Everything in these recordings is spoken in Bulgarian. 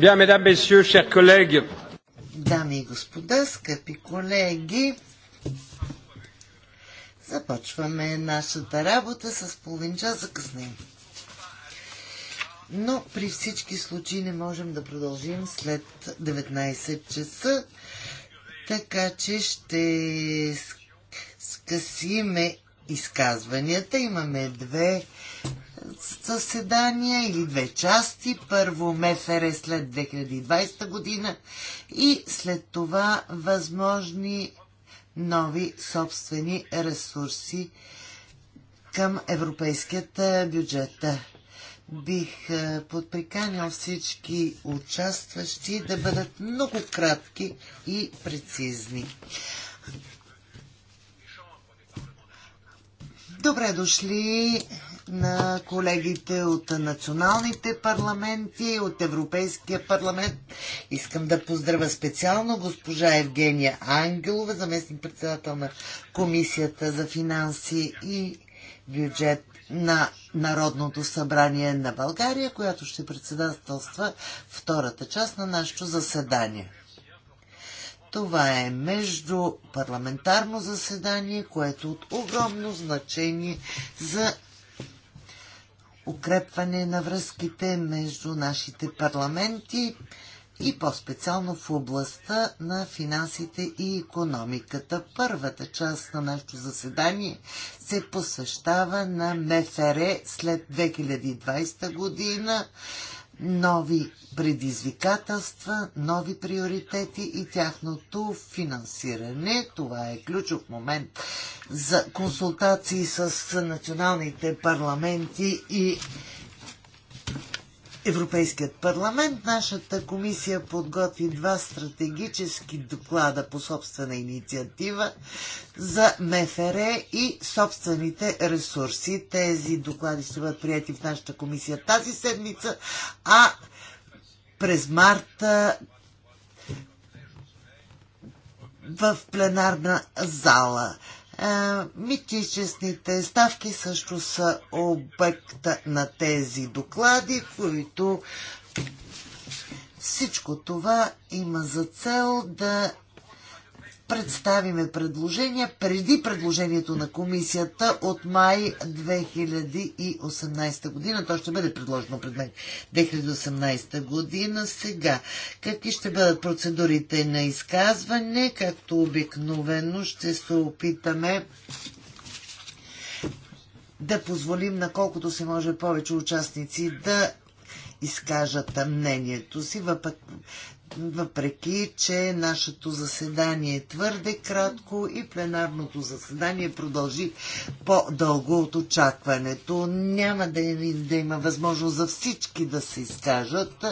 Bien, mesdames, messieurs, chers collègues. Дами и господа, скъпи колеги, започваме нашата работа с половин час закъснение. Но при всички случаи не можем да продължим след 19 часа, така че ще скъсиме изказванията. Имаме две съседания или две части. Първо МФР е след 2020 година и след това възможни нови собствени ресурси към европейският е, бюджет. Бих е, подприканял всички участващи да бъдат много кратки и прецизни. Добре дошли на колегите от националните парламенти, от Европейския парламент. Искам да поздравя специално госпожа Евгения Ангелова, заместник председател на Комисията за финанси и бюджет на Народното събрание на България, която ще председателства втората част на нашето заседание. Това е между парламентарно заседание, което е от огромно значение за укрепване на връзките между нашите парламенти и по-специално в областта на финансите и економиката. Първата част на нашето заседание се посвещава на МФР след 2020 година нови предизвикателства, нови приоритети и тяхното финансиране. Това е ключов момент за консултации с националните парламенти и Европейският парламент, нашата комисия подготви два стратегически доклада по собствена инициатива за МФР и собствените ресурси. Тези доклади ще бъдат прияти в нашата комисия тази седмица, а през марта в пленарна зала. Е, Митичесните ставки също са обект на тези доклади, които всичко това има за цел да представиме предложения преди предложението на комисията от май 2018 година. То ще бъде предложено пред мен 2018 година. Сега, какви ще бъдат процедурите на изказване? Както обикновено ще се опитаме да позволим на колкото се може повече участници да изкажат мнението си, въпреки че нашето заседание е твърде кратко и пленарното заседание продължи по-дълго от очакването. Няма да, е- да има възможност за всички да се изкажат,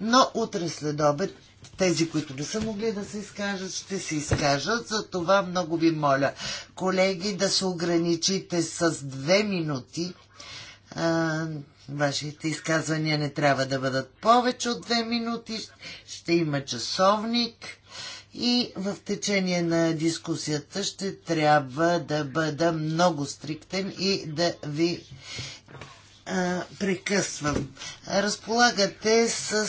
но утре след обед тези, които не са могли да се изкажат, ще се изкажат. За това много ви моля, колеги, да се ограничите с две минути Вашите изказвания не трябва да бъдат повече от две минути. Ще има часовник. И в течение на дискусията ще трябва да бъда много стриктен и да ви а, прекъсвам. Разполагате с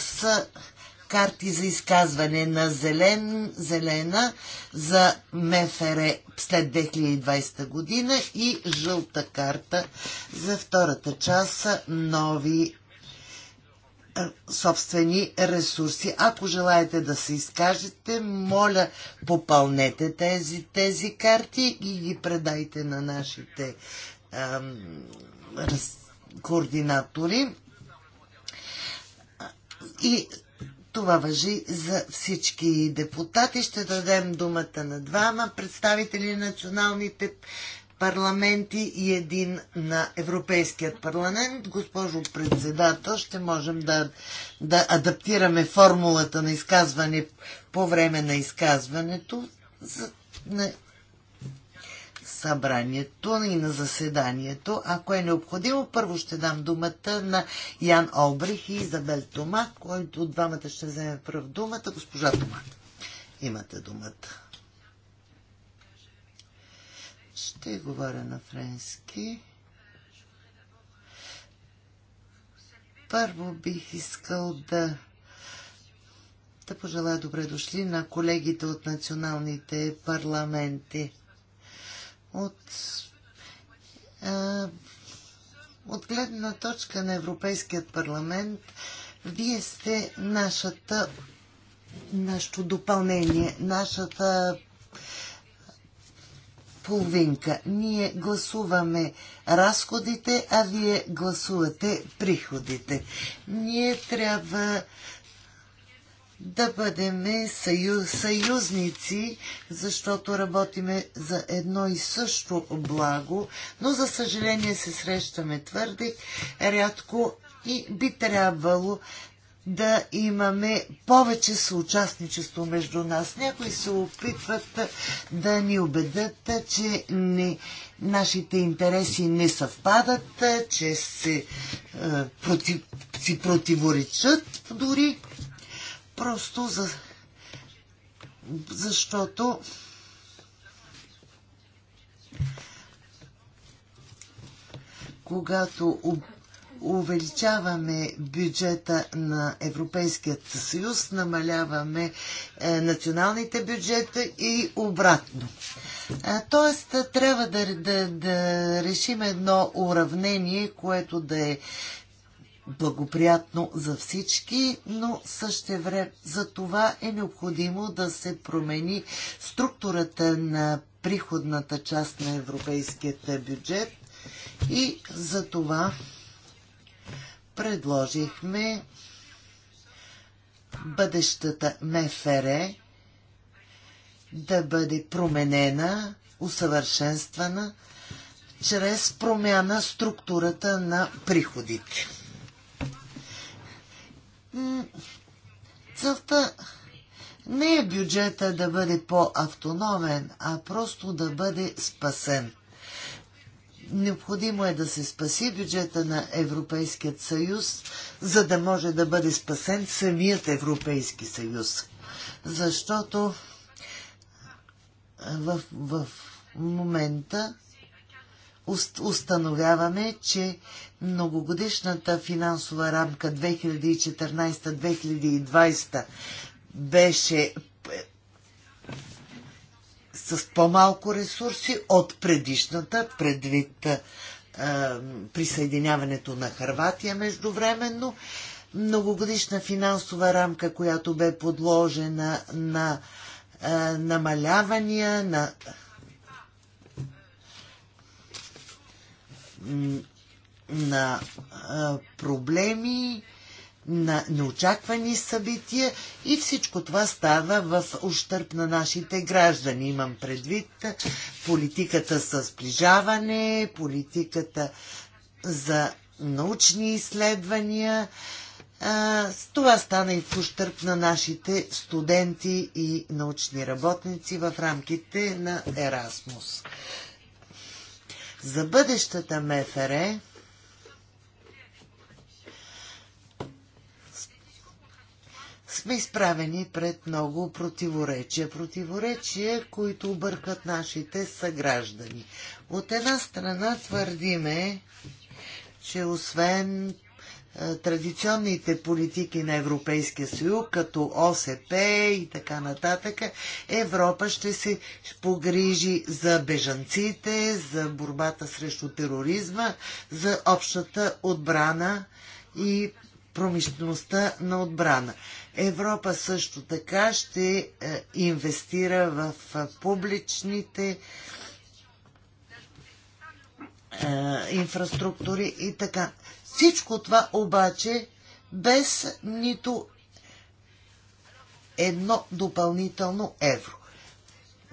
карти за изказване на зелен, зелена за МФР след 2020 година и жълта карта за втората част нови е, собствени ресурси. Ако желаете да се изкажете, моля, попълнете тези, тези карти и ги предайте на нашите ам, раз, координатори. И това въжи за всички депутати. Ще дадем думата на двама представители на националните парламенти и един на Европейският парламент. Госпожо председател, ще можем да, да адаптираме формулата на изказване по време на изказването за, на събранието и на заседанието. Ако е необходимо, първо ще дам думата на Ян Обрих и Изабел Тома, който от двамата ще вземе първ думата. Госпожа Тома, имате думата. Ще говоря на френски. Първо бих искал да да пожелая добре дошли на колегите от националните парламенти от, а, от гледна точка на Европейският парламент, вие сте нашата, нашето допълнение, нашата половинка. Ние гласуваме разходите, а вие гласувате приходите. Ние трябва да бъдем съюз, съюзници, защото работиме за едно и също благо, но за съжаление се срещаме твърде рядко и би трябвало да имаме повече съучастничество между нас. Някои се опитват да ни убедат, че не, нашите интереси не съвпадат, че се, е, против, си противоречат дори. Просто за... защото когато увеличаваме бюджета на Европейският съюз, намаляваме е, националните бюджета и обратно. А, е, тоест, трябва да, да, да решим едно уравнение, което да е благоприятно за всички, но също време за това е необходимо да се промени структурата на приходната част на европейският бюджет и за това предложихме бъдещата МФР да бъде променена, усъвършенствана чрез промяна структурата на приходите целта не е бюджета да бъде по-автономен, а просто да бъде спасен. Необходимо е да се спаси бюджета на Европейският съюз, за да може да бъде спасен самият Европейски съюз. Защото в, в момента установяваме, че многогодишната финансова рамка 2014-2020 беше с по-малко ресурси от предишната, предвид е, присъединяването на Харватия междувременно. Многогодишна финансова рамка, която бе подложена на е, намалявания, на на а, проблеми, на неочаквани събития и всичко това става в ущърп на нашите граждани. Имам предвид политиката за сближаване, политиката за научни изследвания. С това стана и в ущърп на нашите студенти и научни работници в рамките на Ерасмус. За бъдещата МФР сме изправени пред много противоречия. Противоречия, които объркат нашите съграждани. От една страна твърдиме, че освен е, традиционните политики на Европейския съюз, като ОСП и така нататък, Европа ще се погрижи за бежанците, за борбата срещу тероризма, за общата отбрана и промишлеността на отбрана. Европа също така ще е, инвестира в е, публичните е, инфраструктури и така. Всичко това обаче без нито едно допълнително евро.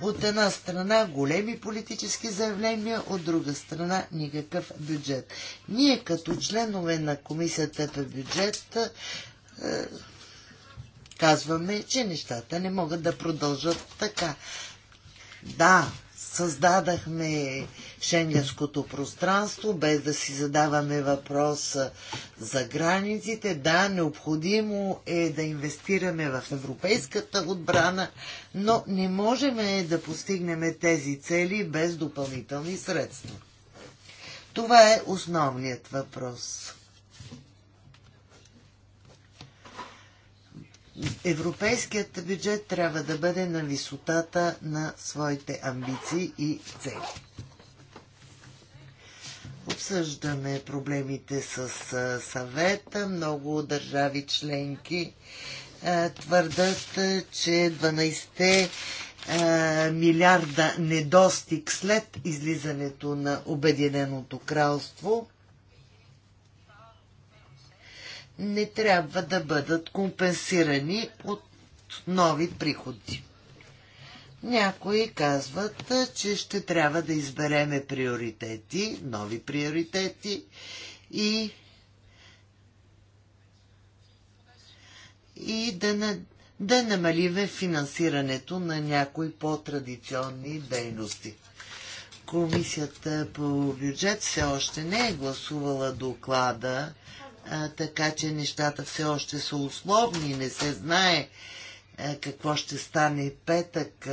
От една страна големи политически заявления, от друга страна никакъв бюджет. Ние като членове на комисията по бюджет казваме, че нещата не могат да продължат така. Да, създадахме шенгенското пространство, без да си задаваме въпроса за границите. Да, необходимо е да инвестираме в европейската отбрана, но не можем да постигнем тези цели без допълнителни средства. Това е основният въпрос. европейският бюджет трябва да бъде на висотата на своите амбиции и цели. Обсъждаме проблемите с съвета. Много държави членки твърдат, че 12 милиарда недостиг след излизането на Обединеното кралство не трябва да бъдат компенсирани от нови приходи. Някои казват, че ще трябва да избереме приоритети, нови приоритети и и да, на, да намалиме финансирането на някои по-традиционни дейности. Комисията по бюджет все още не е гласувала доклада така че нещата все още са условни, не се знае какво ще стане петък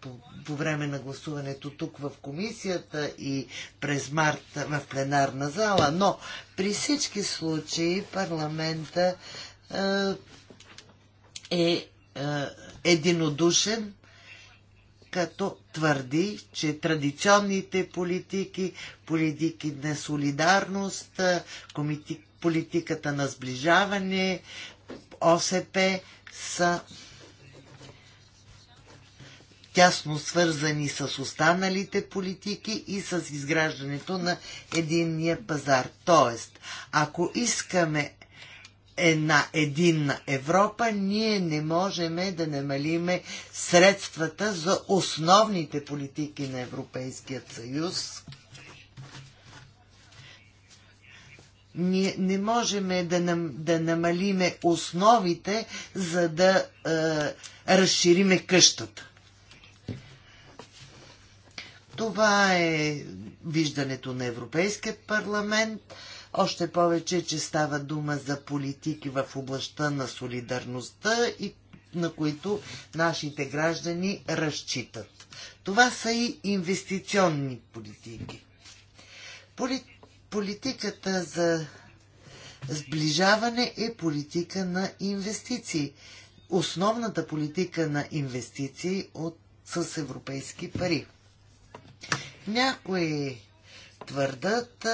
по, по време на гласуването тук в комисията и през март в пленарна зала, но при всички случаи парламента е единодушен като твърди, че традиционните политики, политики на солидарност, комити, политиката на сближаване, ОСП са тясно свързани с останалите политики и с изграждането на единния пазар. Тоест, ако искаме една единна Европа, ние не можем да намалиме средствата за основните политики на Европейският съюз Ние не можем да, нам, да намалиме основите, за да е, разшириме къщата. Това е виждането на Европейския парламент. Още повече, че става дума за политики в областта на солидарността и на които нашите граждани разчитат. Това са и инвестиционни политики. Полит политиката за сближаване е политика на инвестиции. Основната политика на инвестиции от, с европейски пари. Някои твърдат,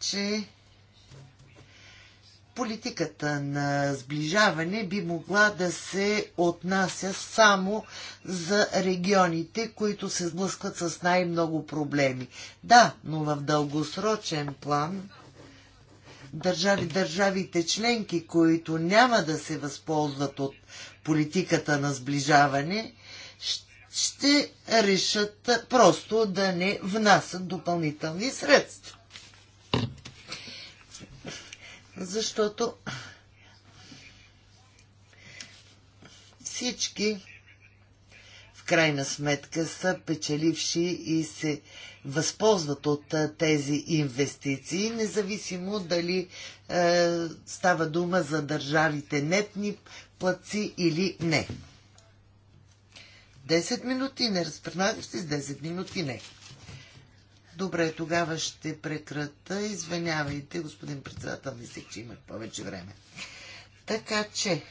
че политиката на сближаване би могла да се отнася само за регионите, които се сблъскват с най-много проблеми. Да, но в дългосрочен план държави, държавите членки, които няма да се възползват от политиката на сближаване, ще решат просто да не внасят допълнителни средства защото всички в крайна сметка са печеливши и се възползват от тези инвестиции, независимо дали е, става дума за държавите нетни платци или не. 10 минути не разпърнагаш с 10 минути не. Добре, тогава ще прекрата. Извинявайте, господин председател, мисля, че имах повече време. Така че,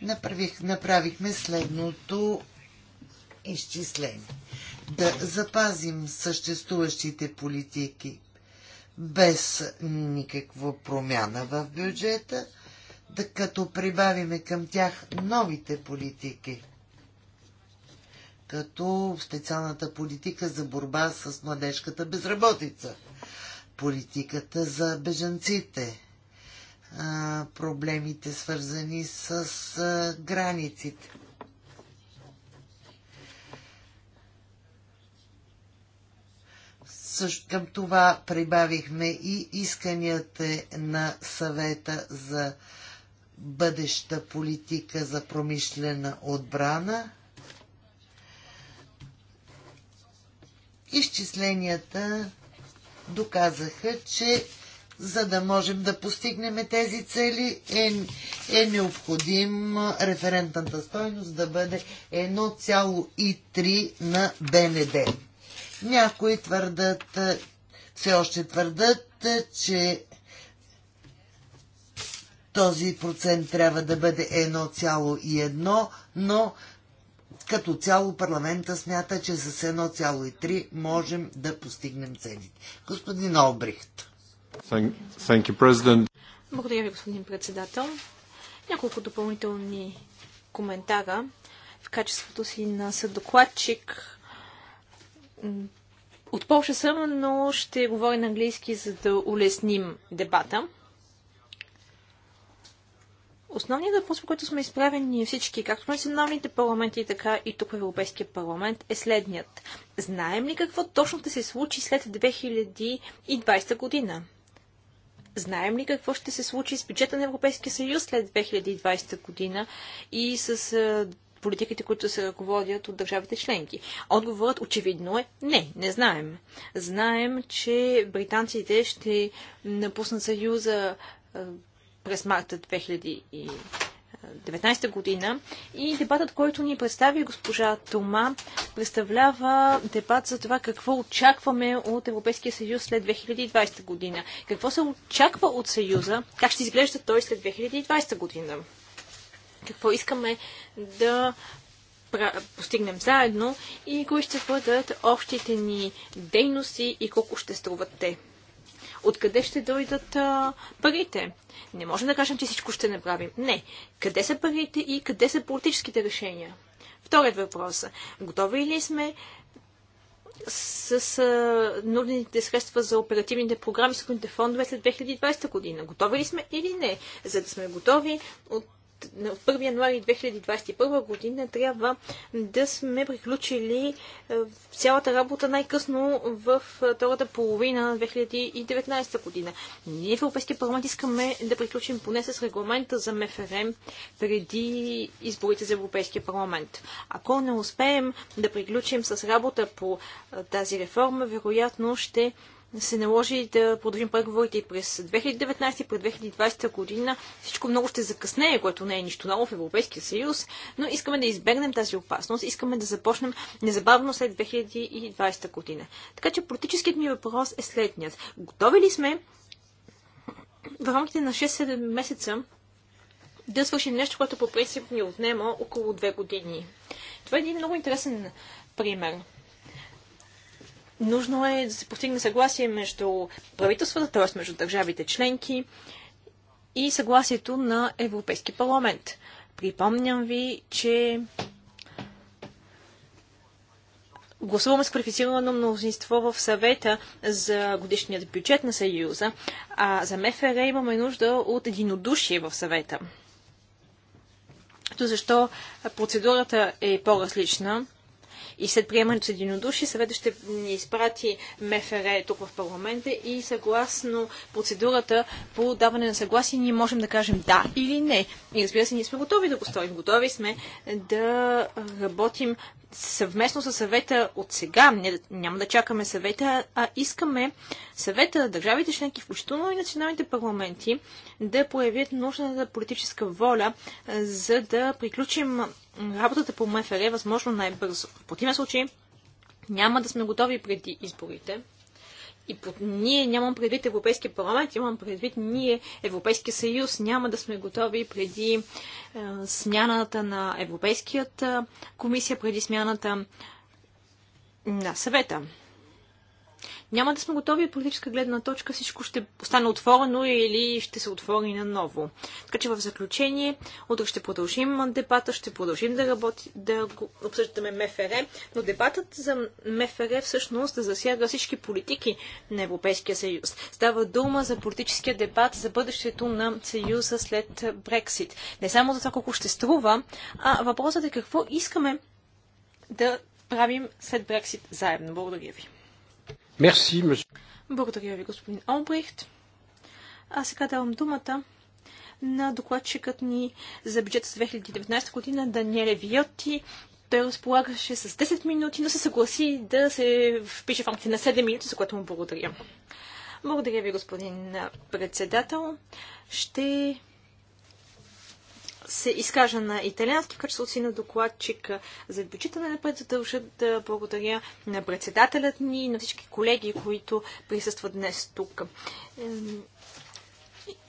направих, направихме следното изчисление. Да запазим съществуващите политики без никаква промяна в бюджета, да като прибавиме към тях новите политики – като специалната политика за борба с младежката безработица, политиката за бежанците, проблемите свързани с границите. Също към това прибавихме и исканията на съвета за бъдеща политика за промишлена отбрана – изчисленията доказаха, че за да можем да постигнем тези цели е, е необходим референтната стойност да бъде 1,3 на БНД. Някои твърдат, все още твърдат, че този процент трябва да бъде 1,1, но като цяло парламента смята, че с 1,3 можем да постигнем целите. Господин Олбрихт. Благодаря ви, господин председател. Няколко допълнителни коментара в качеството си на съдокладчик. От Польша съм, но ще говоря на английски, за да улесним дебата. Основният въпрос, по който сме изправени всички, както на националните парламенти, така и тук в Европейския парламент, е следният. Знаем ли какво точно ще се случи след 2020 година? Знаем ли какво ще се случи с бюджета на Европейския съюз след 2020 година и с политиките, които се ръководят от държавите членки? Отговорът очевидно е не, не знаем. Знаем, че британците ще напуснат съюза през марта 2019 година. И дебатът, който ни представи госпожа Тома, представлява дебат за това какво очакваме от Европейския съюз след 2020 година. Какво се очаква от съюза, как ще изглежда той след 2020 година. Какво искаме да постигнем заедно и кои ще бъдат общите ни дейности и колко ще струват те. Откъде ще дойдат а, парите? Не можем да кажем, че всичко ще направим. Не. Къде са парите и къде са политическите решения? Вторият въпрос. Готови ли сме с, с а, нужните средства за оперативните програми, с фондове след 2020 година. Готови ли сме или не? За да сме готови, от на 1 януари 2021 година трябва да сме приключили е, цялата работа най-късно в е, втората половина на 2019 година. Ние в Европейския парламент искаме да приключим поне с регламента за МФРМ преди изборите за Европейския парламент. Ако не успеем да приключим с работа по е, тази реформа, вероятно ще се наложи да продължим преговорите и през 2019 и през 2020 година. Всичко много ще закъснее, което не е нищо ново в Европейския съюз, но искаме да избегнем тази опасност. Искаме да започнем незабавно след 2020 година. Така че политическият ми въпрос е следният. Готови ли сме в рамките на 6-7 месеца да свършим нещо, което по принцип ни отнема около 2 години? Това е един много интересен пример. Нужно е да се постигне съгласие между правителствата, т.е. между държавите членки и съгласието на Европейски парламент. Припомням ви, че гласуваме с квалифицирано мнозинство в съвета за годишният бюджет на Съюза, а за МФР имаме нужда от единодушие в съвета. Ето защо процедурата е по-различна. И след приемането с единодушие съветът ще ни изпрати МФР тук в парламента и съгласно процедурата по даване на съгласие ние можем да кажем да или не. И разбира се, ние сме готови да го сторим. Готови сме да работим съвместно с съвета от сега, не, няма да чакаме съвета, а искаме съвета, държавите членки, включително и националните парламенти, да проявят нужната политическа воля, за да приключим работата по МФР възможно най-бързо. В противен случай няма да сме готови преди изборите и под ние нямам предвид Европейския парламент, имам предвид ние, Европейския съюз, няма да сме готови преди е, смяната на Европейският е, комисия, преди смяната на съвета няма да сме готови от политическа гледна точка, всичко ще остане отворено или ще се отвори наново. Така че в заключение, утре ще продължим дебата, ще продължим да, работи, да обсъждаме МФР, но дебатът за МФР всъщност да засяга всички политики на Европейския съюз. Става дума за политическия дебат за бъдещето на съюза след Брексит. Не само за това колко ще струва, а въпросът е какво искаме да правим след Брексит заедно. Благодаря ви. Благодаря ви, господин Олбрихт. А сега давам думата на докладчикът ни за бюджет с 2019 година Даниеле Виоти. Той разполагаше с 10 минути, но се съгласи да се впише в рамките на 7 минути, за което му благодаря. Благодаря ви, господин председател. Ще се изкажа на италиански качество си на докладчик за бюджета. на напред да благодаря на председателят ни и на всички колеги, които присъстват днес тук.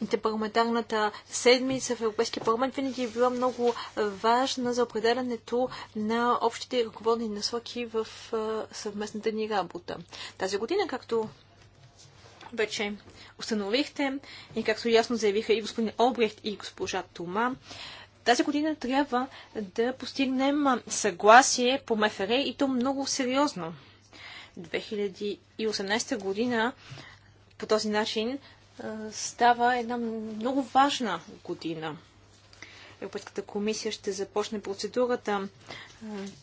Интерпарламентарната седмица в Европейския парламент винаги е била много важна за определянето на общите ръководни насоки в е, съвместната ни работа. Тази година, както вече установихте и както ясно заявиха и господин Обрехт и госпожа Тума, тази година трябва да постигнем съгласие по МФР и то много сериозно. 2018 година по този начин става една много важна година. Европейската комисия ще започне процедурата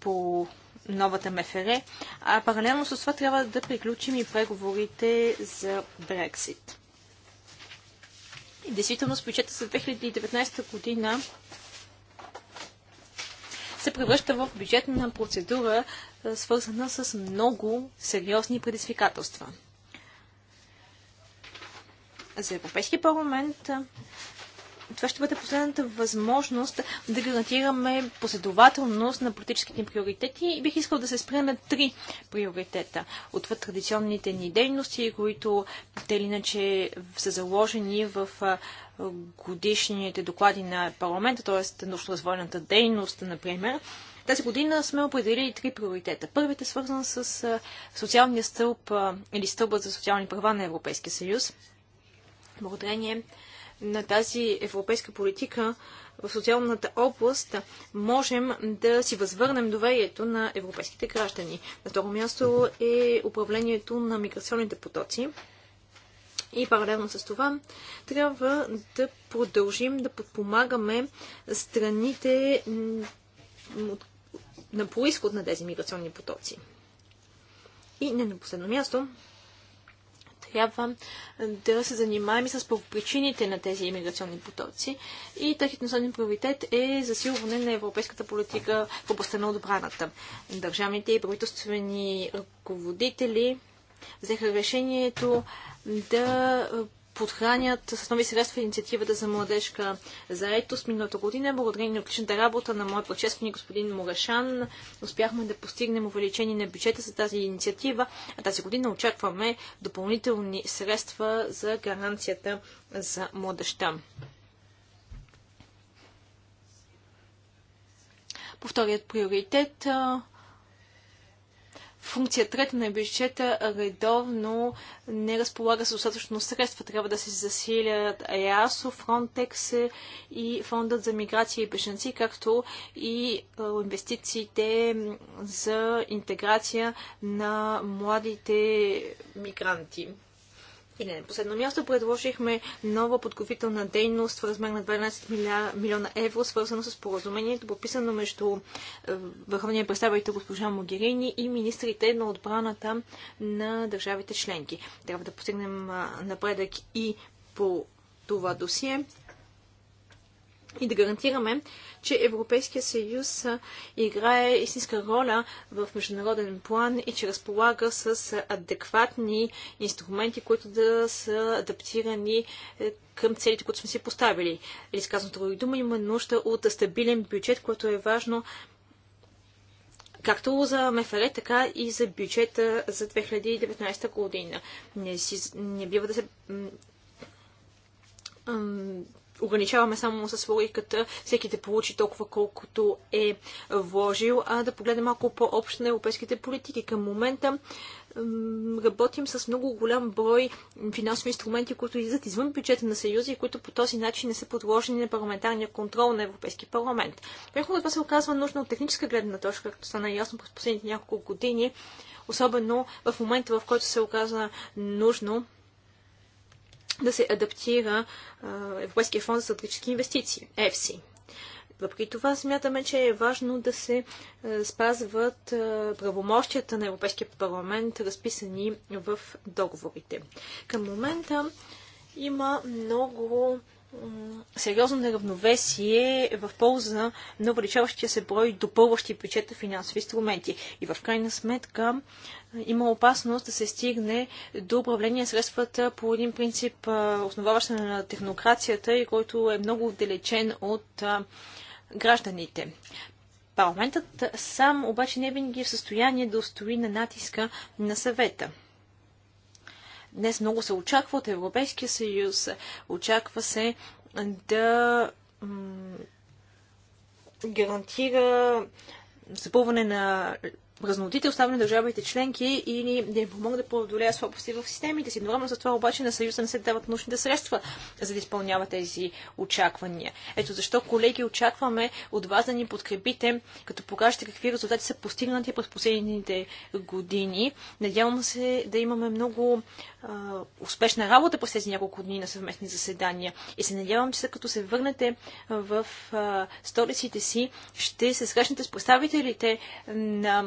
по новата МФР, а паралелно с това трябва да приключим и преговорите за Брексит. И действително с бюджета за 2019 година се превръща в бюджетна процедура, е, свързана с много сериозни предизвикателства. За Европейския парламент това ще бъде последната възможност да гарантираме последователност на политическите приоритети и бих искал да се спрем на три приоритета. Отвъд традиционните ни дейности, които те или иначе са заложени в годишните доклади на парламента, т.е. научно-развойната дейност, например. Тази година сме определили три приоритета. Първият е свързан с социалния стълб или стълбът за социални права на Европейския съюз. Благодарение на тази европейска политика в социалната област, можем да си възвърнем доверието на европейските граждани. На второ място е управлението на миграционните потоци. И паралелно с това трябва да продължим да подпомагаме страните на происход на тези миграционни потоци. И не на последно място, трябва да се занимаваме с причините на тези иммиграционни потоци. И техният основен приоритет е засилване на европейската политика в областта на отбраната. Държавните и правителствени ръководители взеха решението да подхранят с нови средства инициативата за младежка заетост миналата година. Благодарение на отличната работа на моят предшественик господин Мурашан успяхме да постигнем увеличение на бюджета за тази инициатива, а тази година очакваме допълнителни средства за гаранцията за младеща. По вторият приоритет функция трета на бюджета редовно не разполага с достатъчно средства. Трябва да се засилят ЕАСО, Фронтекс и Фондът за миграция и беженци, както и инвестициите за интеграция на младите мигранти. И не на последно място предложихме нова подковителна дейност в размер на 12 милиар, милиона евро, свързано с поразумението, подписано между е, върховния представител госпожа Могерини и министрите на отбраната на държавите членки. Трябва да постигнем напредък и по това досие и да гарантираме, че Европейския съюз играе истинска роля в международен план и че разполага с адекватни инструменти, които да са адаптирани е, към целите, които сме си поставили. Или сказано други дума, има нужда от стабилен бюджет, което е важно както за МФР, така и за бюджета за 2019 година. Не, си, не бива да се ограничаваме само с логиката всеки да получи толкова колкото е вложил, а да погледнем малко по-общо на европейските политики. Към момента работим с много голям брой финансови инструменти, които излизат извън бюджета на Съюза и които по този начин не са подложени на парламентарния контрол на Европейски парламент. Преходът това се оказва нужно от техническа гледна точка, както стана ясно през последните няколко години, особено в момента, в който се оказа нужно да се адаптира Европейския фонд за стратегически инвестиции, ЕФСИ. Въпреки това смятаме, че е важно да се спазват правомощията на Европейския парламент, разписани в договорите. Към момента има много сериозно неравновесие в полза на увеличаващия се брой допълващи бюджета финансови инструменти. И в крайна сметка има опасност да се стигне до управление средствата по един принцип, основаващ на технокрацията и който е много отдалечен от гражданите. Парламентът сам обаче не е винаги в състояние да устои на натиска на съвета. Днес много се очаква от Европейския съюз. Очаква се да гарантира запълване на празнотите, оставени държавите членки ни да им помогнат да преодолеят слабости в системите си. Едновременно с това обаче на Съюза не се дават нужните средства, за да изпълнява тези очаквания. Ето защо, колеги, очакваме от вас да ни подкрепите, като покажете какви резултати са постигнати през последните години. Надявам се да имаме много а, успешна работа през тези няколко дни на съвместни заседания. И се надявам, че след като се върнете в а, столиците си, ще се срещнете с представителите на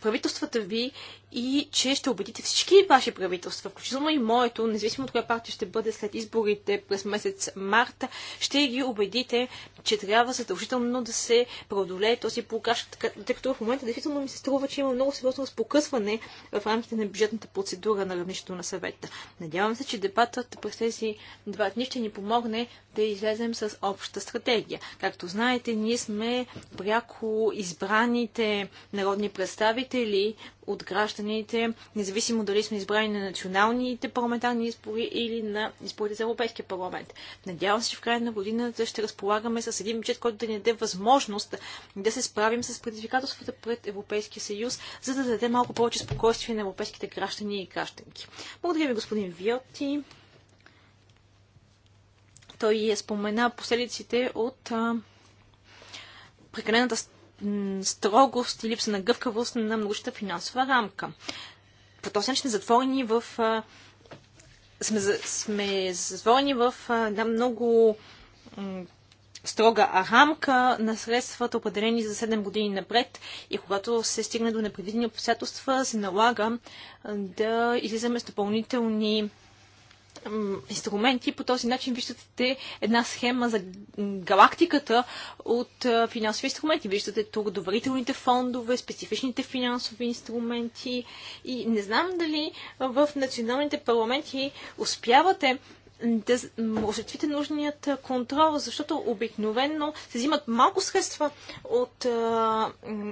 правителствата ви и че ще убедите всички ваши правителства, включително и моето, независимо от коя партия ще бъде след изборите през месец марта, ще ги убедите, че трябва задължително да се преодолее този блокаж, тъй като в момента действително ми се струва, че има много сериозно разпокъсване в рамките на бюджетната процедура на равнището на съвета. Надявам се, че дебатът през тези два дни ще ни помогне да излезем с обща стратегия. Както знаете, ние сме пряко избраните народни представители от гражданите, независимо дали сме избрани на националните парламентарни избори или на изборите за Европейския парламент. Надявам се, че в края на годината ще разполагаме с един бюджет, който да ни даде възможност да се справим с предизвикателствата пред Европейския съюз, за да даде малко повече спокойствие на европейските граждани и гражданки. Благодаря ви, господин Виоти. Той е спомена последиците от прекалената строгост и липса на гъвкавост на многощата финансова рамка. По този начин затворени в сме, сме затворени в една много строга рамка на средствата, определени за 7 години напред и когато се стигне до непредвидени обстоятелства, се налага да излизаме с допълнителни инструменти. По този начин виждате една схема за галактиката от финансови инструменти. Виждате тук доверителните фондове, специфичните финансови инструменти. И не знам дали в националните парламенти успявате да осъществите нужният контрол, защото обикновено се взимат малко средства от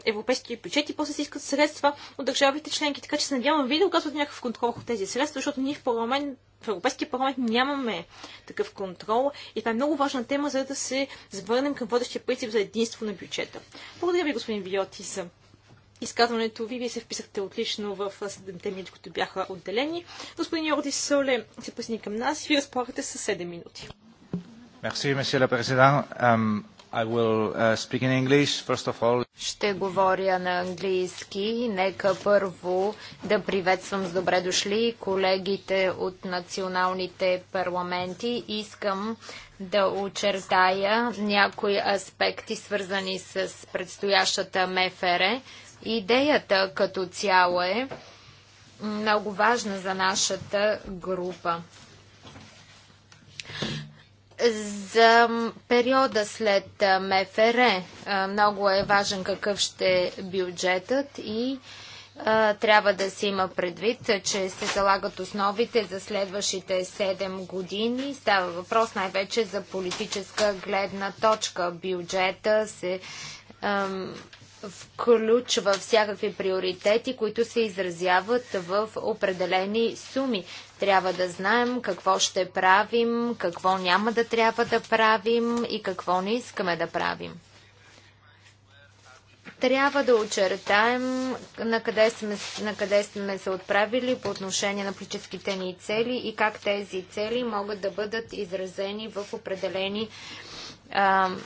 европейския бюджет и после се искат средства от държавите членки. Така че се надявам ви да оказвате някакъв контрол от тези средства, защото ние в парламент в Европейския парламент нямаме такъв контрол и това е много важна тема, за да се завърнем към водещия принцип за единство на бюджета. Благодаря ви, господин Виоти, за изказването ви. Вие се вписахте отлично в седемте минути, които бяха отделени. Господин Йордис Соле се пъсни към нас и ви разполагате с 7 минути. Merci, monsieur le président. Um, I will uh, speak in English, first of all. Ще говоря на английски. Нека първо да приветствам с добре дошли колегите от националните парламенти. Искам да очертая някои аспекти, свързани с предстоящата МФР. Идеята като цяло е много важна за нашата група. За периода след МФР много е важен какъв ще е бюджетът и трябва да се има предвид, че се залагат основите за следващите 7 години. Става въпрос най-вече за политическа гледна точка. Бюджета се включва всякакви приоритети, които се изразяват в определени суми. Трябва да знаем какво ще правим, какво няма да трябва да правим и какво не искаме да правим. Трябва да очертаем на къде, сме, на къде сме се отправили по отношение на политическите ни цели и как тези цели могат да бъдат изразени в определени а,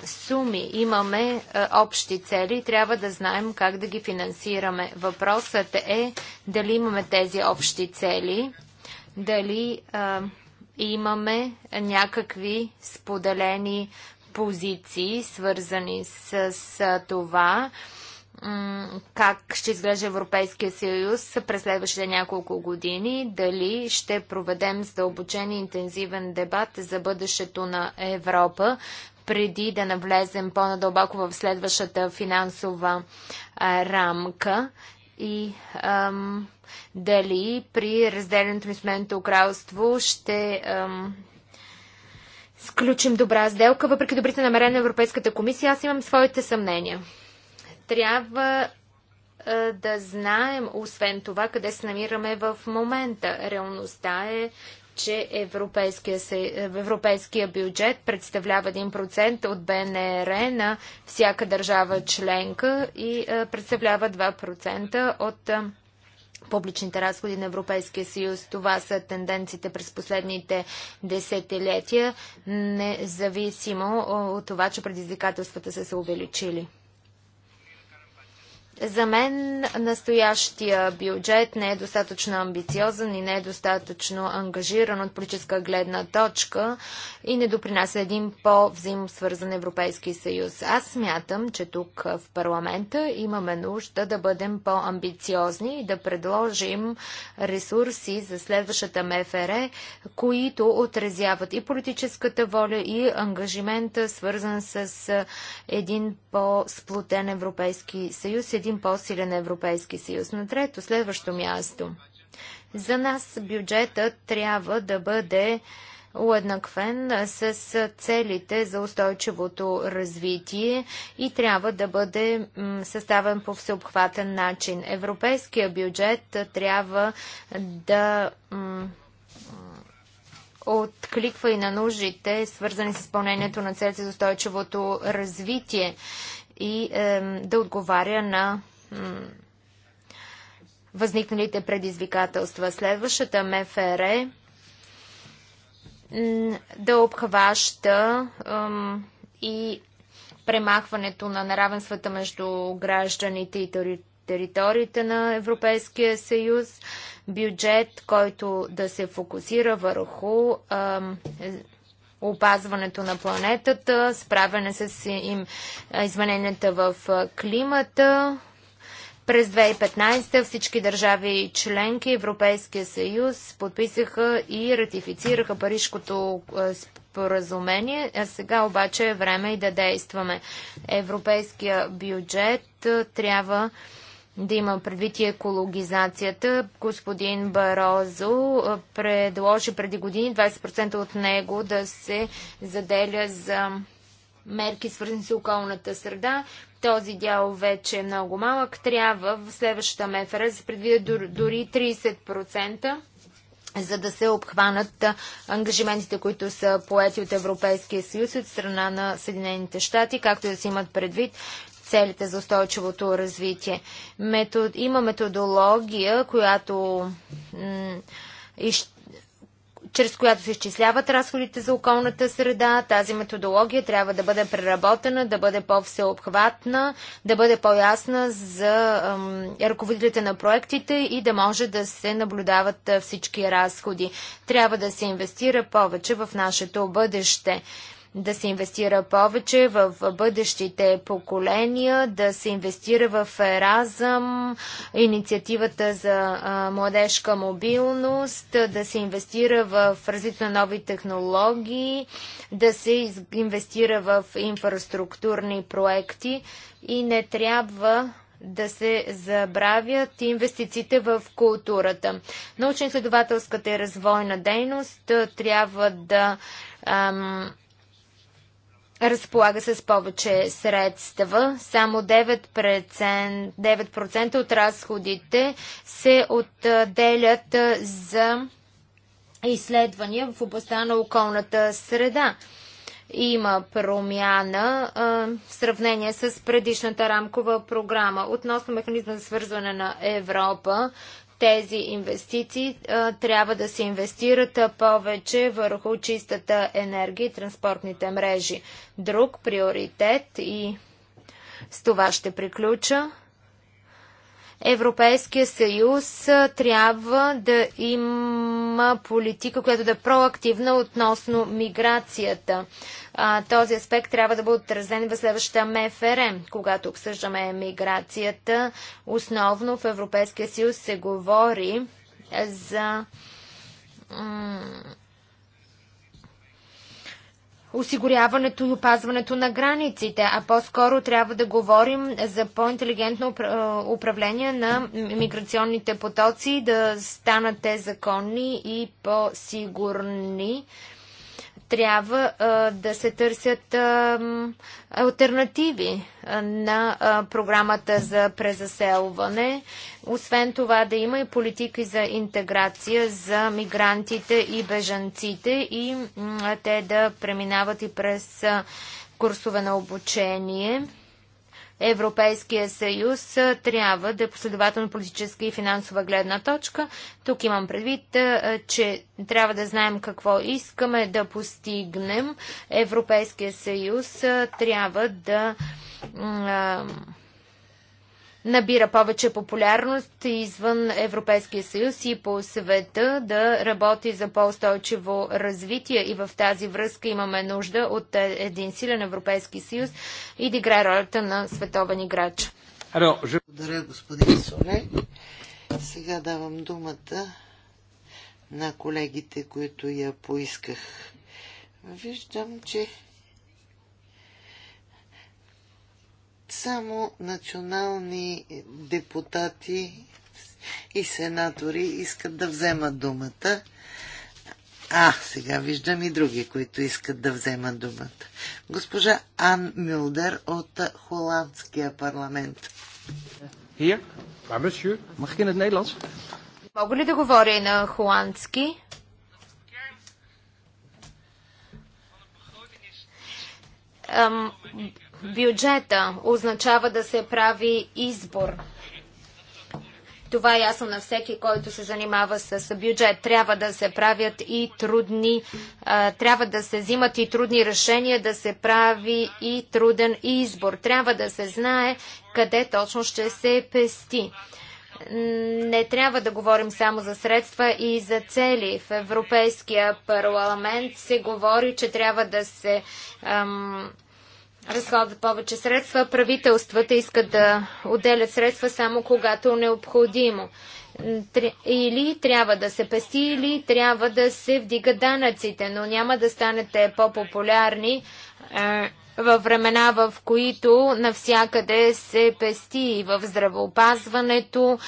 суми имаме общи цели, трябва да знаем как да ги финансираме. Въпросът е дали имаме тези общи цели, дали имаме някакви споделени позиции, свързани с, с това как ще изглежда Европейския съюз през следващите няколко години, дали ще проведем задълбочен и интензивен дебат за бъдещето на Европа, преди да навлезем по-надълбоко в следващата финансова а, рамка и ам, дали при разделеното ми Сменото кралство ще ам, сключим добра сделка, въпреки добрите намерения на Европейската комисия, аз имам своите съмнения. Трябва да знаем, освен това, къде се намираме в момента. Реалността е, че европейския, се, европейския бюджет представлява 1% от БНР на всяка държава членка и е, представлява 2% от е, публичните разходи на Европейския съюз. Това са тенденциите през последните десетилетия, независимо е, от това, че предизвикателствата са се увеличили. За мен настоящия бюджет не е достатъчно амбициозен и не е достатъчно ангажиран от политическа гледна точка и не допринася един по-взаимосвързан Европейски съюз. Аз смятам, че тук в парламента имаме нужда да бъдем по-амбициозни и да предложим ресурси за следващата МФР, които отразяват и политическата воля и ангажимента, свързан с един по-сплутен Европейски съюз, един по-силен Европейски съюз. На трето, следващо място. За нас бюджетът трябва да бъде уеднаквен с целите за устойчивото развитие и трябва да бъде съставен по всеобхватен начин. Европейския бюджет трябва да откликва и на нуждите, свързани с изпълнението на целите за устойчивото развитие и да отговаря на възникналите предизвикателства. Следващата МФР е да обхваща и премахването на неравенствата между гражданите и територията териториите на Европейския съюз, бюджет, който да се фокусира върху опазването на планетата, справяне с им, измененията в климата. През 2015 всички държави и членки Европейския съюз подписаха и ратифицираха Парижкото споразумение. А сега обаче е време и да действаме. Европейския бюджет трябва да има предвид и екологизацията. Господин Барозо предложи преди години 20% от него да се заделя за мерки, свързани с околната среда. Този дял вече е много малък. Трябва в следващата МФР да се предвидят дори 30% за да се обхванат ангажиментите, които са поети от Европейския съюз от страна на Съединените щати, както и да се имат предвид целите за устойчивото развитие. Метод, има методология, която чрез която се изчисляват разходите за околната среда. Тази методология трябва да бъде преработена, да бъде по-всеобхватна, да бъде по-ясна за ем, ръководителите на проектите и да може да се наблюдават всички разходи. Трябва да се инвестира повече в нашето бъдеще да се инвестира повече в бъдещите поколения, да се инвестира в Еразъм, инициативата за младежка мобилност, да се инвестира в развитие на нови технологии, да се инвестира в инфраструктурни проекти и не трябва да се забравят инвестициите в културата. Научно-изследователската и развойна дейност трябва да ам, разполага с повече средства. Само 9%, 9% от разходите се отделят за изследвания в областта на околната среда. Има промяна а, в сравнение с предишната рамкова програма. Относно механизма за свързване на Европа, тези инвестиции трябва да се инвестират повече върху чистата енергия и транспортните мрежи. Друг приоритет и с това ще приключа Европейския съюз трябва да има политика, която да е проактивна относно миграцията. Този аспект трябва да бъде отразен в следващата МФР. Когато обсъждаме миграцията, основно в Европейския съюз се говори за осигуряването и опазването на границите, а по-скоро трябва да говорим за по-интелигентно управление на миграционните потоци, да станат те законни и по-сигурни трябва а, да се търсят а, альтернативи на а, програмата за презаселване. Освен това да има и политики за интеграция за мигрантите и бежанците и те да преминават и през курсове на обучение. Европейския съюз трябва да е последователно политическа и финансова гледна точка. Тук имам предвид, че трябва да знаем какво искаме да постигнем. Европейския съюз трябва да набира повече популярност извън Европейския съюз и по света, да работи за по-устойчиво развитие и в тази връзка имаме нужда от е, един силен Европейски съюз и да играе ролята на световен играч. Благодаря, господин Соле. Сега давам думата на колегите, които я поисках. Виждам, че Само национални депутати и сенатори искат да вземат думата. А, сега виждам и други, които искат да вземат думата. Госпожа Ан Мюлдер от Холандския парламент. Мога ли да говоря на холандски? Ам, бюджета означава да се прави избор. Това е ясно на всеки, който се занимава с бюджет. Трябва да се правят и трудни, трябва да се взимат и трудни решения, да се прави и труден избор. Трябва да се знае къде точно ще се пести. Не трябва да говорим само за средства и за цели. В Европейския парламент се говори, че трябва да се ам, разходват повече средства. Правителствата искат да отделят средства само когато необходимо. Или трябва да се пести, или трябва да се вдига данъците, но няма да станете по-популярни е, във времена, в които навсякъде се пести и в здравеопазването,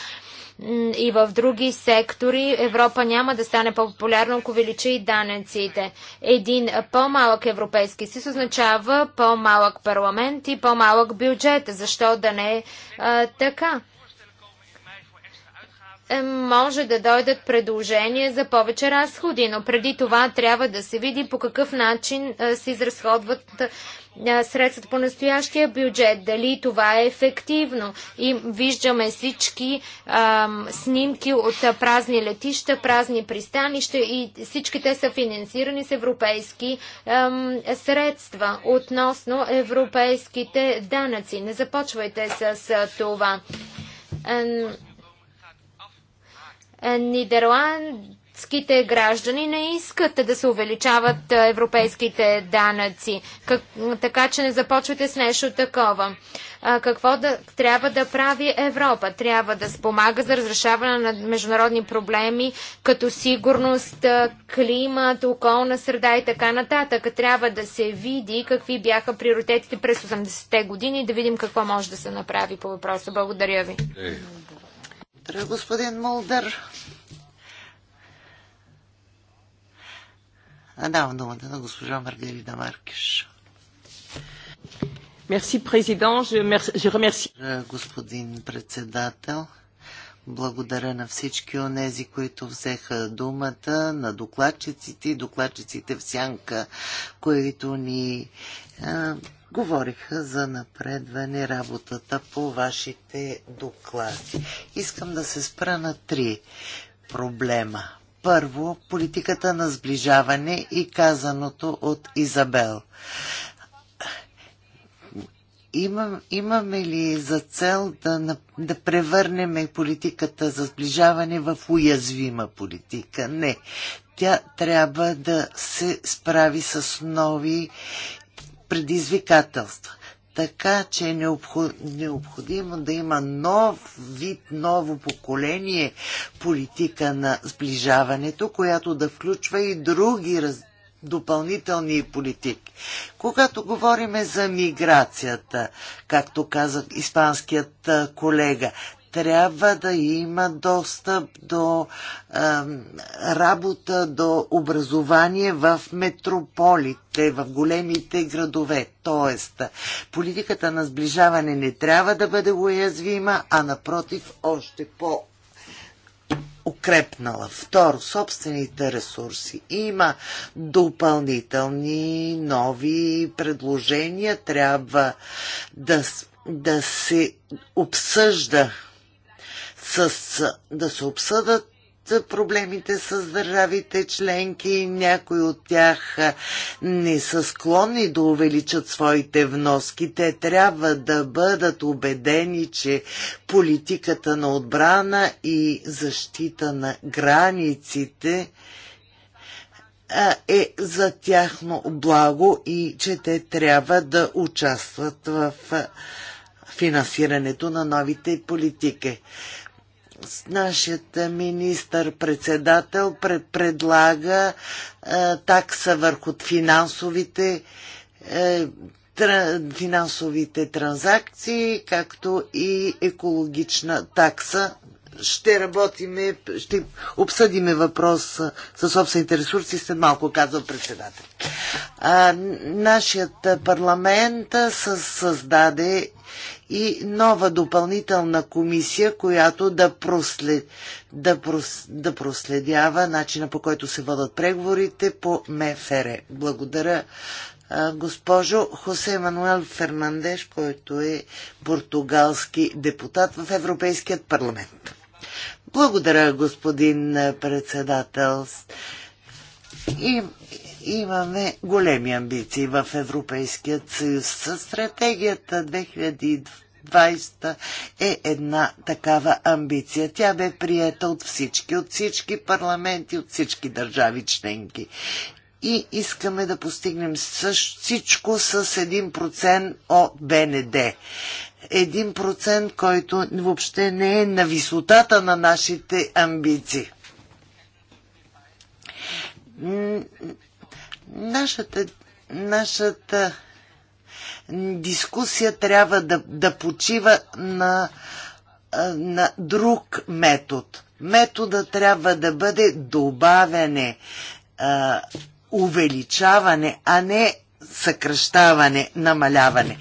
и в други сектори Европа няма да стане по-популярна, ако увеличи и данъците. Един по-малък Европейски съюз означава по-малък парламент и по-малък бюджет. Защо да не е така? Е, може да дойдат предложения за повече разходи, но преди това трябва да се види по какъв начин е, се изразходват е, средствата по настоящия бюджет, дали това е ефективно. И виждаме всички ам, снимки от празни летища, празни пристанища и всички те са финансирани с европейски ам, средства относно европейските данъци. Не започвайте с това. Ам, е, нидерландските граждани не искат да се увеличават е, европейските данъци, как, така че не започвате с нещо такова. А, какво да, трябва да прави Европа? Трябва да спомага за разрешаване на международни проблеми, като сигурност, климат, околна среда и така нататък. Трябва да се види какви бяха приоритетите през 80-те години и да видим какво може да се направи по въпроса. Благодаря ви. Е. Благодаря, господин Молдър. Давам думата на госпожа Маргарита Маркиш. Мерси, президент. Господин председател, благодаря на всички онези, които взеха думата, на докладчиците и докладчиците в сянка, които ни говориха за напредване работата по вашите доклади. Искам да се спра на три проблема. Първо, политиката на сближаване и казаното от Изабел. Имам, имаме ли за цел да, да превърнем политиката за сближаване в уязвима политика? Не. Тя трябва да се справи с нови предизвикателства. Така че е необходимо да има нов вид, ново поколение политика на сближаването, която да включва и други раз, допълнителни политики. Когато говорим за миграцията, както каза испанският колега, трябва да има достъп до е, работа, до образование в метрополите, в големите градове. Тоест, политиката на сближаване не трябва да бъде уязвима, а напротив, още по- укрепнала. Второ, собствените ресурси. Има допълнителни нови предложения. Трябва да, да се обсъжда с, да се обсъдат проблемите с държавите членки. Някои от тях не са склонни да увеличат своите вноски. Те трябва да бъдат убедени, че политиката на отбрана и защита на границите е за тяхно благо и че те трябва да участват в финансирането на новите политики нашият министър-председател предлага е, такса върху финансовите, е, финансовите транзакции, както и екологична такса. Ще работиме, ще обсъдиме въпрос е, със собствените ресурси след малко, казва председател. А, нашият парламент създаде и нова допълнителна комисия, която да, прослед, да, прос, да проследява начина по който се водат преговорите по МФР. Благодаря госпожо Хосе Мануел Фернандеш, който е португалски депутат в Европейският парламент. Благодаря, господин председател. И имаме големи амбиции в Европейският съюз. Стратегията 2020 е една такава амбиция. Тя бе приета от всички, от всички парламенти, от всички държави членки. И искаме да постигнем всичко с 1% от БНД един процент, който въобще не е на висотата на нашите амбиции. Нашата, нашата дискусия трябва да, да почива на, на друг метод. Метода трябва да бъде добавяне, увеличаване, а не съкръщаване, намаляване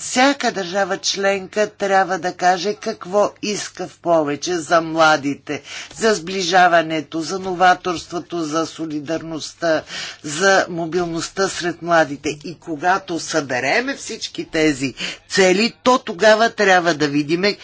всяка държава членка трябва да каже какво иска в повече за младите, за сближаването, за новаторството, за солидарността, за мобилността сред младите. И когато събереме всички тези цели, то тогава трябва да видиме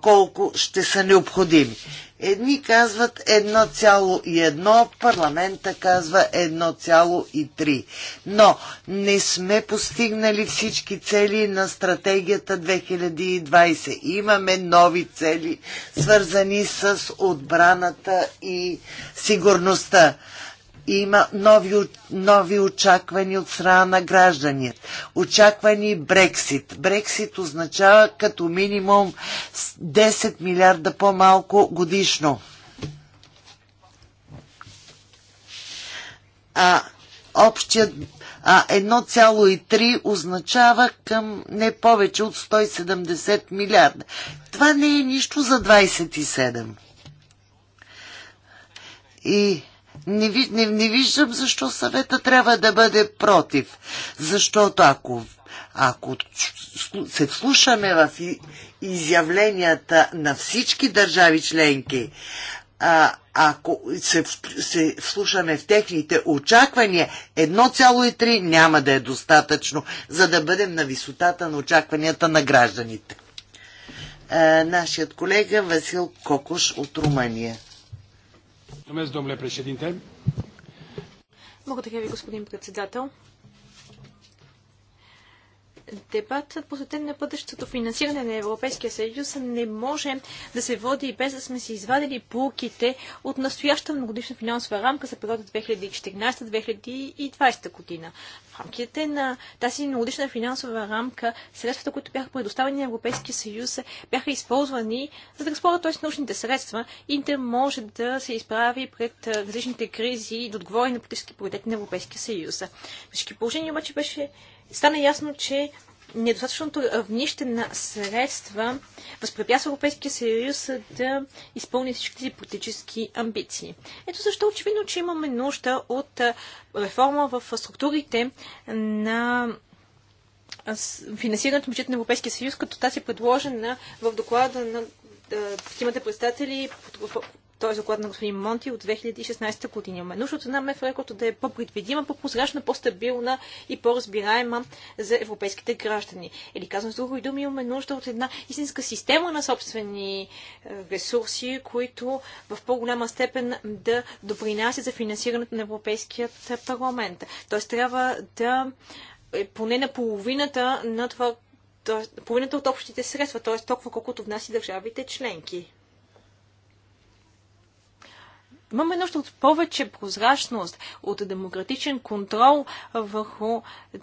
колко ще са необходими. Едни казват 1,1, парламента казва 1,3. Но не сме постигнали всички цели на стратегията 2020. Имаме нови цели, свързани с отбраната и сигурността има нови, нови очаквания от страна на гражданите. Очаквани Брексит. Брексит означава като минимум 10 милиарда по-малко годишно. А общият а 1,3 означава към не повече от 170 милиарда. Това не е нищо за 27. И не, ви, не, не виждам защо съвета трябва да бъде против. Защото ако, ако се вслушаме в изявленията на всички държави членки, а, ако се, се вслушаме в техните очаквания, 1,3 няма да е достатъчно, за да бъдем на висотата на очакванията на гражданите. А, е, нашият колега Васил Кокош от Румъния. Благодаря ви, господин председател дебатът посветен на бъдещото финансиране на Европейския съюз не може да се води без да сме си извадили полуките от настояща многодишна финансова рамка за периода 2014-2020 година. В рамките на тази многодишна финансова рамка средствата, които бяха предоставени на Европейския съюз, бяха използвани за да разполагат т.е. научните средства и да може да се изправи пред различните кризи и да отговори на политически приоритети на Европейския съюз. Всички положения обаче беше стана ясно, че недостатъчното равнище на средства възпрепятства Европейския съюз да изпълни всички си политически амбиции. Ето защо очевидно, че имаме нужда от реформа в структурите на финансирането бюджет на Европейския съюз, като тази предложена в доклада на Тимата председатели той е заклад на господин Монти от 2016 година. Ме нужда от една МФР, която да е по-предвидима, по-прозрачна, по-стабилна и по-разбираема за европейските граждани. Или казвам с други думи, имаме нужда от една истинска система на собствени е, ресурси, които в по-голяма степен да допринасят за финансирането на Европейският парламент. Тоест трябва да е поне на половината на това, половината от общите средства, т.е. толкова колкото внася държавите членки. Имаме нужда от повече прозрачност, от демократичен контрол върху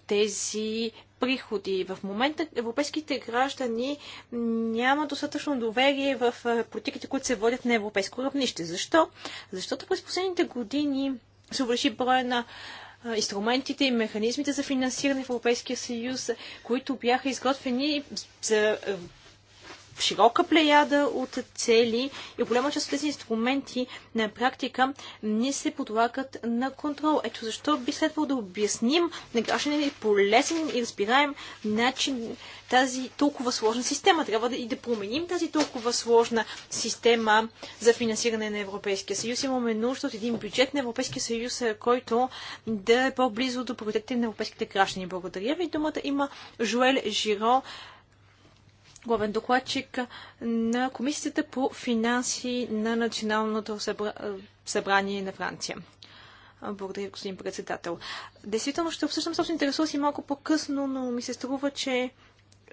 тези приходи. В момента европейските граждани нямат достатъчно доверие в политиките, които се водят на европейско равнище. Защо? Защото през последните години се увеличи броя на инструментите и механизмите за финансиране в Европейския съюз, които бяха изготвени за в широка плеяда от цели и голяма част от тези инструменти на практика не се подлагат на контрол. Ето защо би следвало да обясним на гражданите по лесен и разбираем начин тази толкова сложна система. Трябва да и да променим тази толкова сложна система за финансиране на Европейския съюз. Имаме нужда от един бюджет на Европейския съюз, който да е по-близо до приоритетите на европейските граждани. Благодаря ви. Думата има Жуел Жиро главен докладчик на Комисията по финанси на Националното събра... събрание на Франция. Благодаря, господин председател. Действително ще обсъждам собствените ресурси малко по-късно, но ми се струва, че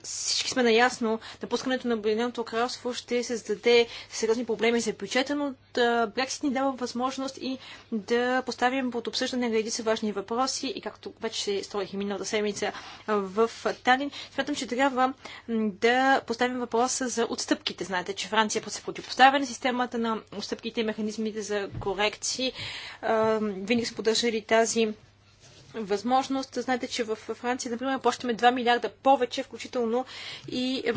всички сме наясно, напускането на Обединеното кралство ще създаде сериозни проблеми за бюджета, но Брексит ни дава възможност и да поставим под обсъждане редица важни въпроси и както вече строих и миналата седмица в Талин, смятам, че трябва да поставим въпроса за отстъпките. Знаете, че Франция се противопоставя на системата на отстъпките и механизмите за корекции. Винаги са поддържали тази възможност. Знаете, че в Франция, например, плащаме 2 милиарда повече, включително и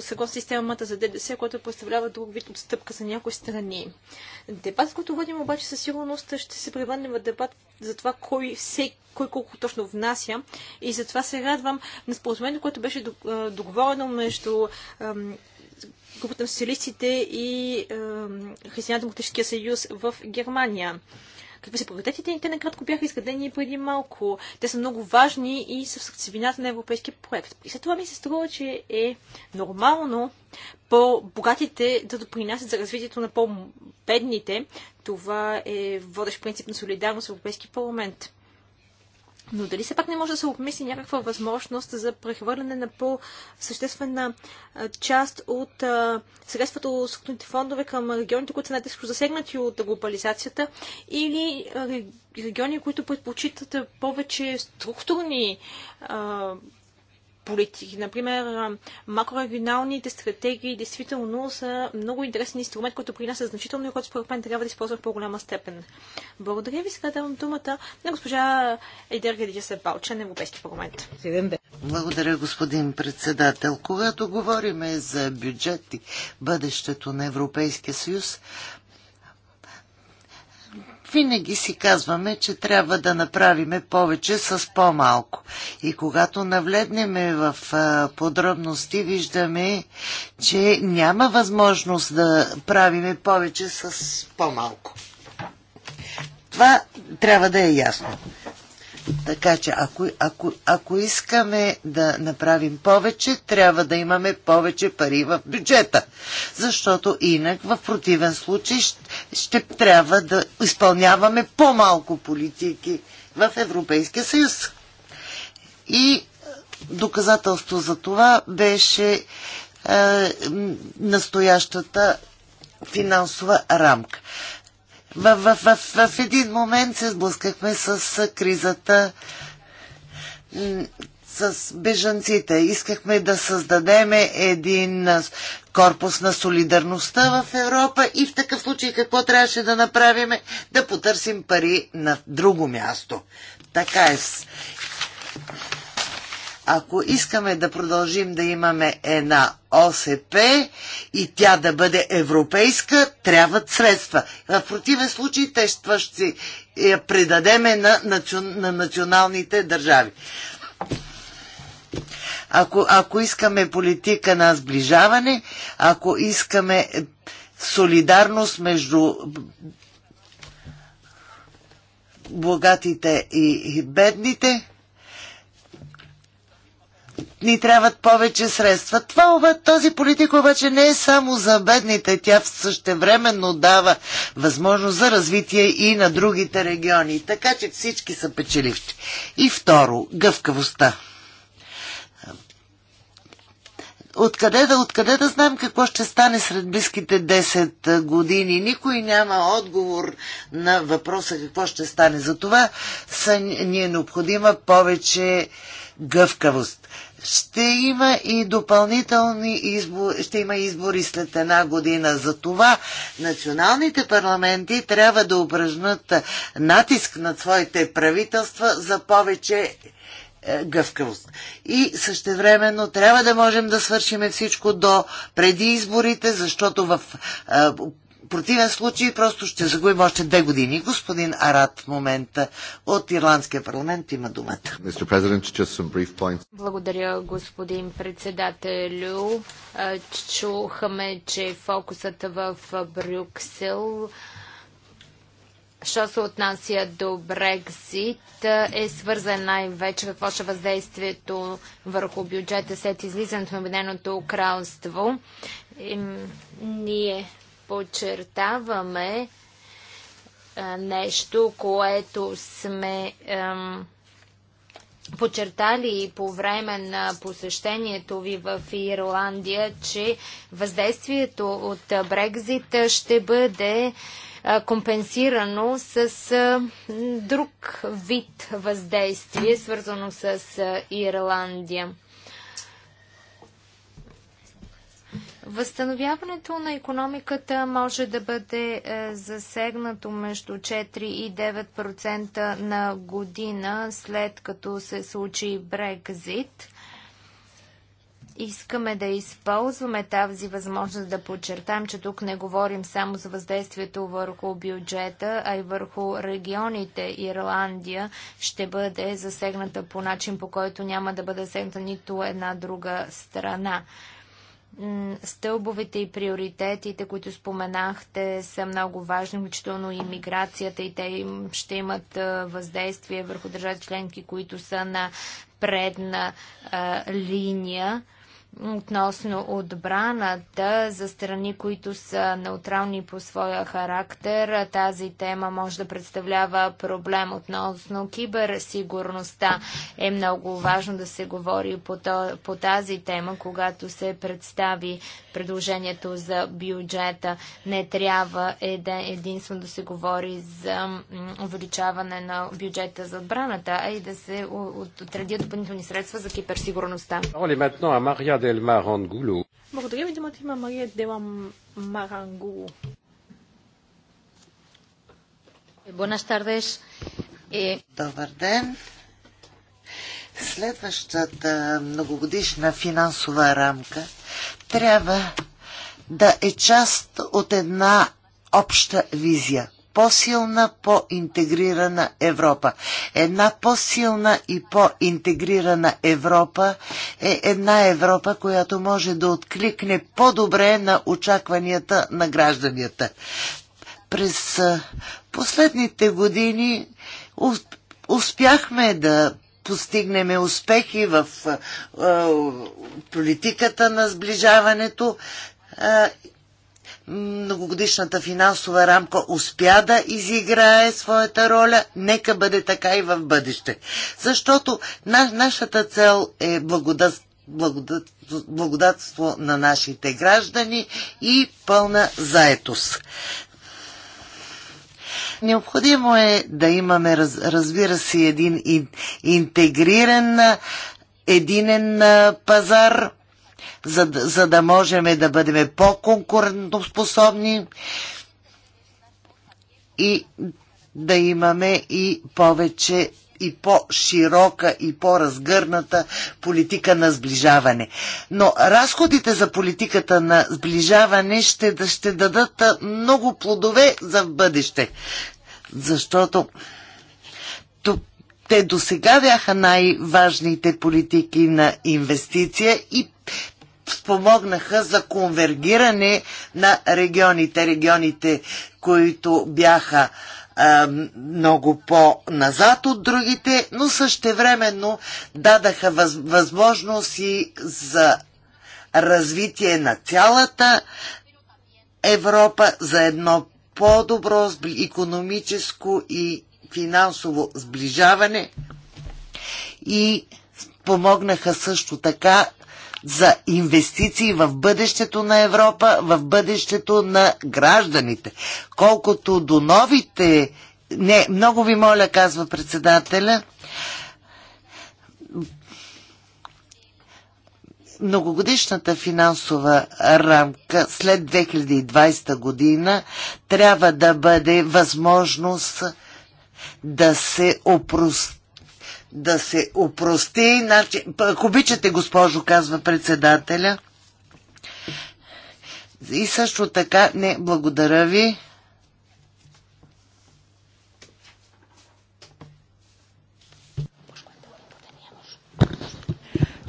съгласно системата за ДДС, което представлява друг вид отстъпка за някои страни. Дебат, който водим обаче със сигурност ще се превърне в дебат за това кой, все, кой колко точно внася и затова се радвам на споразумението, което беше договорено между групата на социалистите и християнско демократическия съюз в Германия какви са приоритетите и те накратко бяха изградени преди малко. Те са много важни и са в сърцевината на европейския проект. И след това ми се струва, че е нормално по-богатите да допринасят за развитието на по-бедните. Това е водещ принцип на солидарност в Европейския парламент. Но дали все пак не може да се обмисли някаква възможност за прехвърляне на по-съществена част от средствата от структурните фондове към регионите, които са най-тежко засегнати от глобализацията или региони, които предпочитат повече структурни а, политики. Например, макрорегионалните стратегии действително са много интересен инструмент, който при нас е значително и който според мен трябва да използва в по-голяма степен. Благодаря ви. Сега давам думата на госпожа Едер Гадича Балча на Европейски парламент. Благодаря, господин председател. Когато говорим за бюджет и бъдещето на Европейския съюз, винаги си казваме, че трябва да направиме повече с по-малко. И когато навледнеме в подробности, виждаме, че няма възможност да правиме повече с по-малко. Това трябва да е ясно. Така че ако, ако, ако искаме да направим повече, трябва да имаме повече пари в бюджета. Защото инак в противен случай ще, ще трябва да изпълняваме по-малко политики в Европейския съюз. И е, доказателство за това беше е, настоящата финансова рамка в, в, в, в един момент се сблъскахме с кризата с бежанците. Искахме да създадем един корпус на солидарността в Европа и в такъв случай какво трябваше да направим? Да потърсим пари на друго място. Така е. Ако искаме да продължим да имаме една ОСП и тя да бъде европейска, трябват средства. В противен случай те ще си я предадеме на, национ, на националните държави. Ако, ако искаме политика на сближаване, ако искаме солидарност между богатите и бедните, ни трябват повече средства. Това този политик обаче не е само за бедните, тя същевременно дава възможност за развитие и на другите региони, така че всички са печеливши. И второ, гъвкавостта. Откъде да, откъде да знаем какво ще стане сред близките 10 години? Никой няма отговор на въпроса какво ще стане. Затова са, ни е необходима повече гъвкавост ще има и допълнителни избори, ще има избори след една година. За това националните парламенти трябва да упражнат натиск над своите правителства за повече е, гъвкавост. И същевременно трябва да можем да свършим всичко до преди изборите, защото в е, противен случай просто ще загубим още две години. Господин Арат в момента от Ирландския парламент има думата. Благодаря, господин председателю. Чухаме, че фокусът в Брюксел Що се отнася до Брекзит, е свързан най-вече какво ще е въздействието върху бюджета след излизането на Обединеното кралство. И, ние подчертаваме а, нещо, което сме ам, подчертали и по време на посещението ви в Ирландия, че въздействието от Брекзит ще бъде компенсирано с друг вид въздействие, свързано с Ирландия. Възстановяването на економиката може да бъде е, засегнато между 4 и 9% на година след като се случи Брекзит. Искаме да използваме тази възможност да подчертаем, че тук не говорим само за въздействието върху бюджета, а и върху регионите. Ирландия ще бъде засегната по начин, по който няма да бъде засегната нито една друга страна. Стълбовете и приоритетите, които споменахте, са много важни, включително и миграцията, и те ще имат въздействие върху държави членки, които са на предна а, линия относно отбраната за страни, които са неутрални по своя характер. Тази тема може да представлява проблем относно киберсигурността. Е много важно да се говори по тази тема, когато се представи предложението за бюджета. Не трябва единствено да се говори за увеличаване на бюджета за отбраната, а и да се отредят допълнителни средства за киберсигурността. Оле, maintenant à Мария Дел Благодаря ви, думата има Мария Дела Марангулу. Е, Добър ден. Следващата многогодишна финансова рамка трябва да е част от една обща визия по-силна, по-интегрирана Европа. Една по-силна и по-интегрирана Европа е една Европа, която може да откликне по-добре на очакванията на гражданията. През последните години успяхме да постигнем успехи в политиката на сближаването многогодишната финансова рамка успя да изиграе своята роля, нека бъде така и в бъдеще. Защото на, нашата цел е благодат, благодат, благодатство на нашите граждани и пълна заетост. Необходимо е да имаме, раз, разбира се, един интегриран единен пазар, за, за да можем да бъдем по-конкурентоспособни и да имаме и повече и по-широка и по-разгърната политика на сближаване. Но разходите за политиката на сближаване ще, ще дадат много плодове за в бъдеще, защото те до сега бяха най-важните политики на инвестиция и спомогнаха за конвергиране на регионите. Регионите, които бяха много по-назад от другите, но същевременно дадаха възможност и за развитие на цялата Европа за едно по-добро економическо и финансово сближаване и помогнаха също така за инвестиции в бъдещето на Европа, в бъдещето на гражданите. Колкото до новите... Не, много ви моля, казва председателя. Многогодишната финансова рамка след 2020 година трябва да бъде възможност да се опрости да се опрости. Значи, ако обичате, госпожо, казва председателя. И също така, не, благодаря ви.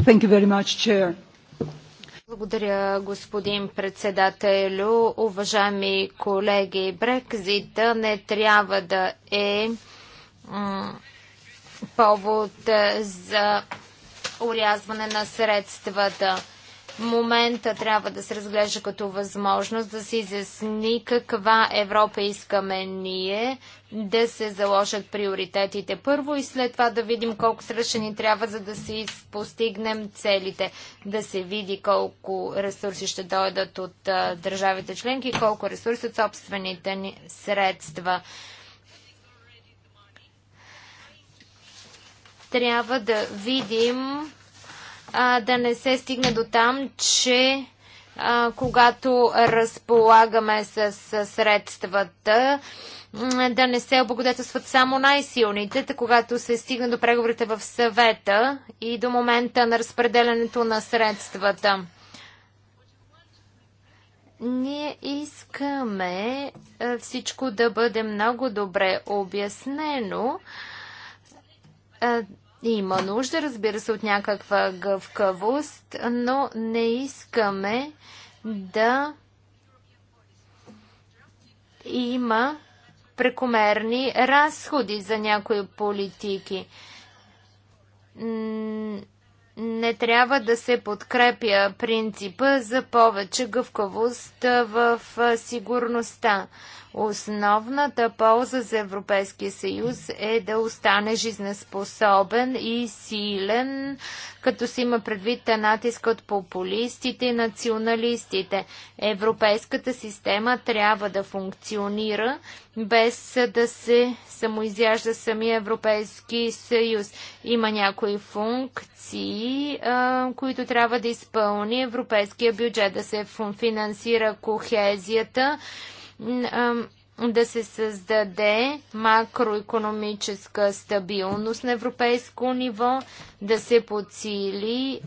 Thank you very much, Chair. Благодаря, господин председателю. Уважаеми колеги, Брекзита не трябва да е повод е, за урязване на средствата. Момента трябва да се разглежда като възможност да се изясни каква Европа искаме ние, да се заложат приоритетите първо и след това да видим колко среща ни трябва, за да си постигнем целите. Да се види колко ресурси ще дойдат от е, държавите членки и колко ресурси от собствените ни средства. Трябва да видим а, да не се стигне до там, че а, когато разполагаме с, с средствата, да не се облагодетелстват само най-силните, когато се стигне до преговорите в съвета и до момента на разпределянето на средствата. Ние искаме всичко да бъде много добре обяснено, е, има нужда, разбира се, от някаква гъвкавост, но не искаме да има прекомерни разходи за някои политики. Не трябва да се подкрепя принципа за повече гъвкавост в сигурността. Основната полза за Европейския съюз е да остане жизнеспособен и силен, като се има предвид натиск от популистите и националистите. Европейската система трябва да функционира без да се самоизяжда самия Европейски съюз. Има някои функции, които трябва да изпълни европейския бюджет, да се финансира кохезията, да се създаде макроекономическа стабилност на европейско ниво, да се подсили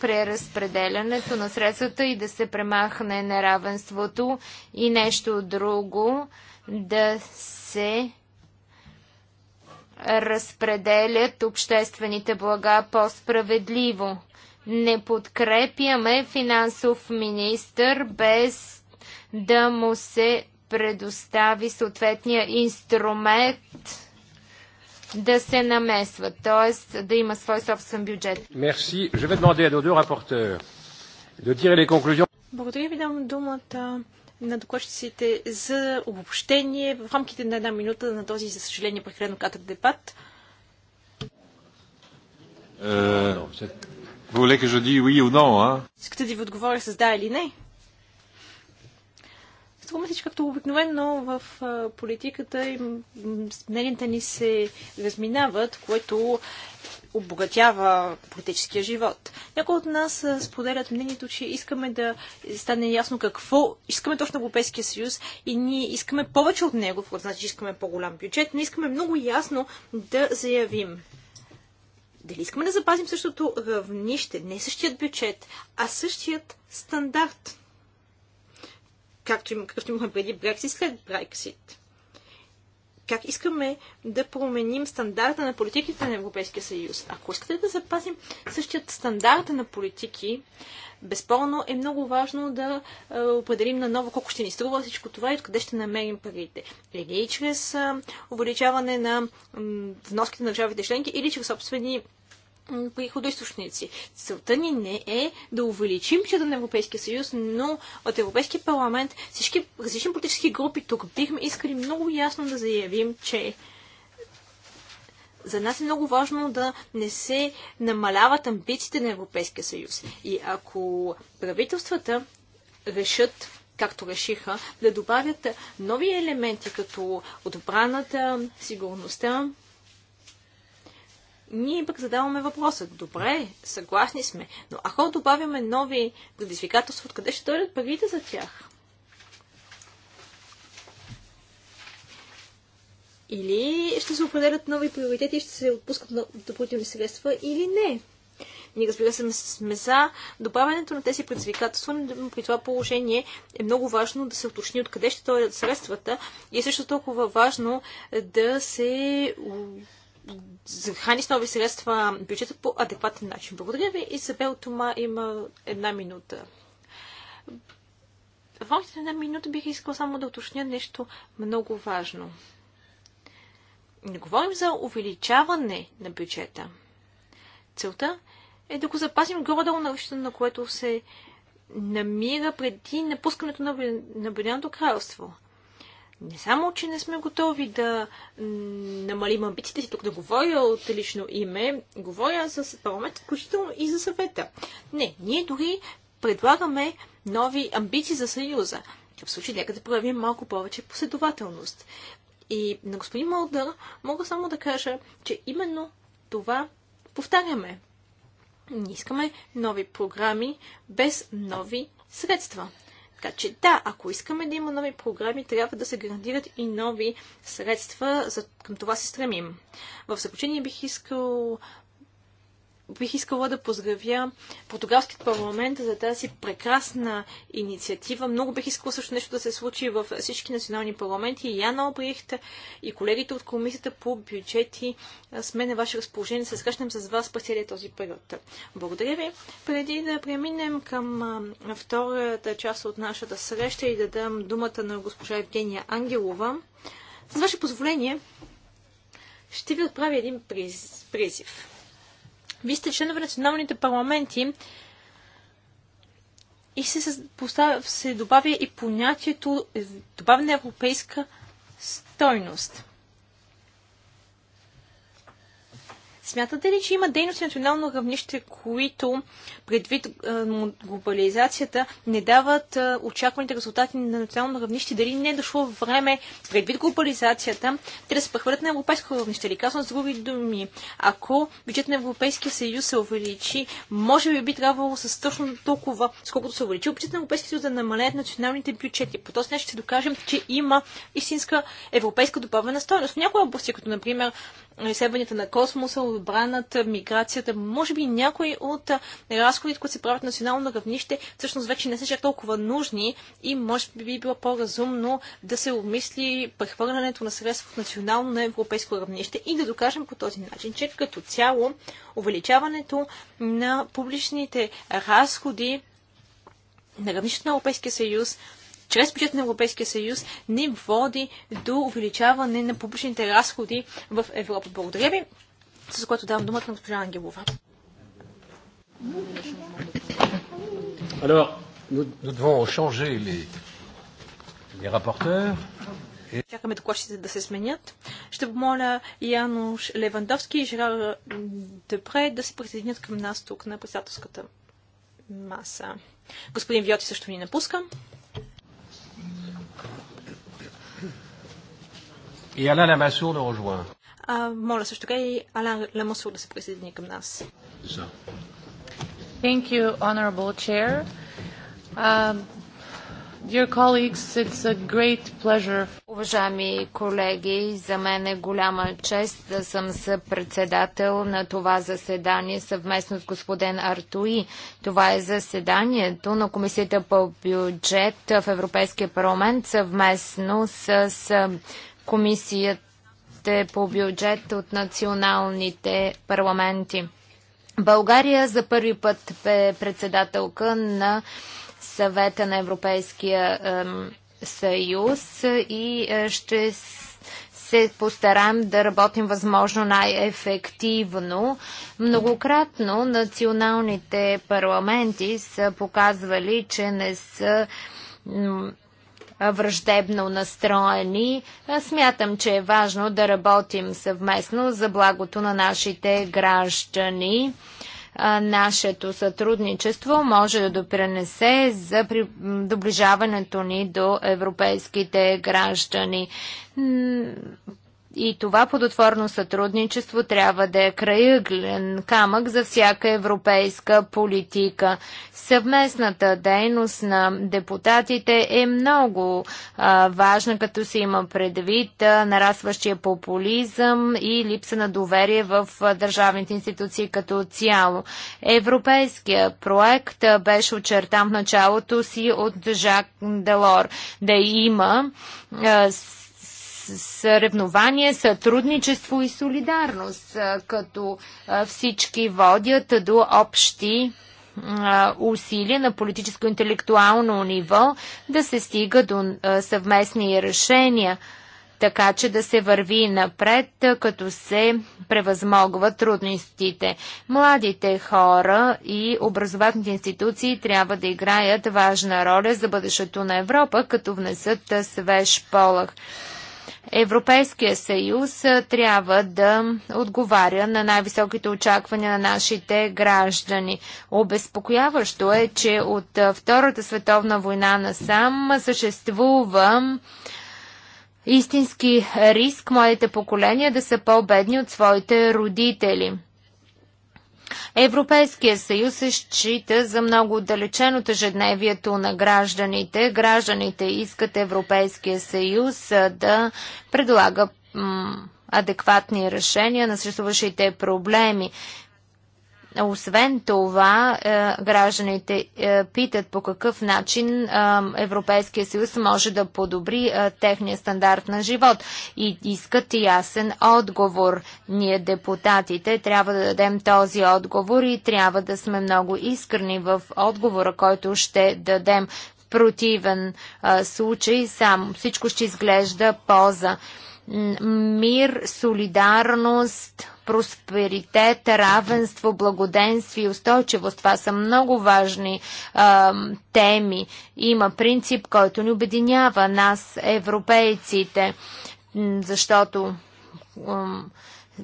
преразпределянето на средствата и да се премахне неравенството и нещо друго, да се разпределят обществените блага по-справедливо. Не подкрепяме финансов министр без да му се предостави съответния инструмент да се намесва, т.е. да има свой собствен бюджет. Merci. Je vais demander à nos deux rapporteurs de tirer les conclusions. Благодаря ви, дам думата на докладчиците за обобщение в рамките на една минута на този, за съжаление, прекалено кратък дебат. Е, Искате да ви отговоря с да или не? Струва се, че както обикновено в политиката и мненията ни се разминават, което обогатява политическия живот. Някои от нас споделят мнението, че искаме да стане ясно какво искаме точно Европейския съюз и ние искаме повече от него, което значи, че искаме по-голям бюджет, но искаме много ясно да заявим дали искаме да запазим същото равнище, не същият бюджет, а същият стандарт както им, какъвто имахме преди Брексит, след Брексит. Как искаме да променим стандарта на политиките на Европейския съюз? Ако искате да запазим същият стандарт на политики, безспорно е много важно да е, определим наново колко ще ни струва всичко това и откъде ще намерим парите. Или чрез е, увеличаване на вноските на държавите членки, или чрез собствени приходоисточници. Целта ни не е да увеличим бюджета на Европейския съюз, но от Европейския парламент всички различни политически групи тук бихме искали много ясно да заявим, че за нас е много важно да не се намаляват амбициите на Европейския съюз. И ако правителствата решат както решиха, да добавят нови елементи, като отбраната, сигурността, ние пък задаваме въпроса. Добре, съгласни сме, но ако добавяме нови предизвикателства, откъде ще дойдат парите за тях? Или ще се определят нови приоритети и ще се отпускат допълнителни средства, или не. Ние, разбира се, сме за добавянето на тези предизвикателства, но при това положение е много важно да се уточни откъде ще дойдат средствата и е също толкова важно да се захрани с нови средства бюджета по адекватен начин. Благодаря ви. Изабел Тома има една минута. В рамките на една минута бих искал само да уточня нещо много важно. Не говорим за увеличаване на бюджета. Целта е да го запазим горе-долу на ръщата, на което се намира преди напускането на Обединеното кралство не само, че не сме готови да намалим амбициите си, тук да говоря от лично име, говоря за парламент, включително и за съвета. Не, ние дори предлагаме нови амбиции за Съюза. В случай, нека да проявим малко повече последователност. И на господин Малдър мога само да кажа, че именно това повтаряме. Не искаме нови програми без нови средства. Така че да, ако искаме да има нови програми, трябва да се гарантират и нови средства, за... към това се стремим. В заключение бих искал бих искала да поздравя португалският парламент за тази прекрасна инициатива. Много бих искала също нещо да се случи в всички национални парламенти. И Яна Обрихт и колегите от комисията по бюджети с мен на ваше разположение. Се срещнем с вас през целия този период. Благодаря ви. Преди да преминем към втората част от нашата среща и да дам думата на госпожа Евгения Ангелова, с ваше позволение ще ви отправя един призив вие сте членове на националните парламенти и се, поставя, се добавя и понятието е, добавена европейска стойност. Смятате ли, че има дейности на национално равнище, които предвид глобализацията не дават очакваните резултати на национално равнище? Дали не е дошло време предвид глобализацията те да се прехвърлят на европейско равнище? Или казвам с други думи, ако бюджет на Европейския съюз се увеличи, може би би трябвало с точно толкова, сколкото се увеличи бюджет на Европейския съюз да намалят националните бюджети. По този начин ще докажем, че има истинска европейска добавена стоеност. В някои области, като например изследванията на космоса, отбраната, миграцията, може би някои от разходите, които се правят на национално равнище, всъщност вече не са чак толкова нужни и може би би било по-разумно да се обмисли прехвърлянето на средства от национално на европейско равнище и да докажем по този начин, че като цяло увеличаването на публичните разходи на равнището на Европейския съюз чрез бюджет на Европейския съюз ни води до увеличаване на публичните разходи в Европа. Благодаря ви с което давам думата на госпожа Ангелова. Alors, nous, nous devons changer les, les rapporteurs. Чакаме докладчите да се сменят. Ще помоля Януш Левандовски и Жерар Депре да се присъединят към нас тук на председателската маса. Господин Виоти също ни напуска. И Алана Масур le rejoint. А, моля също така и Алян Лемосур да се присъедини към нас. Thank you, Honorable Chair. Uh, Dear colleagues, it's a great pleasure. Уважаеми колеги, за мен е голяма чест да съм съпредседател на това заседание съвместно с господин Артуи. Това е заседанието на Комисията по бюджет в Европейския парламент съвместно с Комисията средствата по бюджет от националните парламенти. България за първи път е председателка на съвета на Европейския съюз и е, ще се постараем да работим възможно най-ефективно. Многократно националните парламенти са показвали, че не са враждебно настроени. Смятам, че е важно да работим съвместно за благото на нашите граждани. Нашето сътрудничество може да допренесе за доближаването ни до европейските граждани. И това плодотворно сътрудничество трябва да е краъглен камък за всяка европейска политика. Съвместната дейност на депутатите е много а, важна, като се има предвид а, нарастващия популизъм и липса на доверие в а, държавните институции като цяло. Европейския проект а, беше очертан в началото си от Жак Делор да има а, съревнование, сътрудничество и солидарност, като всички водят до общи усилия на политическо-интелектуално ниво да се стига до съвместни решения, така че да се върви напред, като се превъзмогват трудностите. Младите хора и образователните институции трябва да играят важна роля за бъдещето на Европа, като внесат свеж полах. Европейския съюз трябва да отговаря на най-високите очаквания на нашите граждани. Обезпокояващо е, че от Втората световна война насам съществува истински риск младите поколения да са по-бедни от своите родители. Европейския съюз се счита за много отдалечен от ежедневието на гражданите. Гражданите искат Европейския съюз да предлага адекватни решения на съществуващите проблеми. Освен това, е, гражданите е, питат по какъв начин е, Европейския съюз може да подобри техния стандарт на живот и искат ясен отговор. Ние, депутатите, трябва да дадем този отговор и трябва да сме много искрени в отговора, който ще дадем. В противен случай сам всичко ще изглежда поза. Мир, солидарност, просперитет, равенство, благоденствие и устойчивост. Това са много важни а, теми. Има принцип, който ни обединява нас, европейците, защото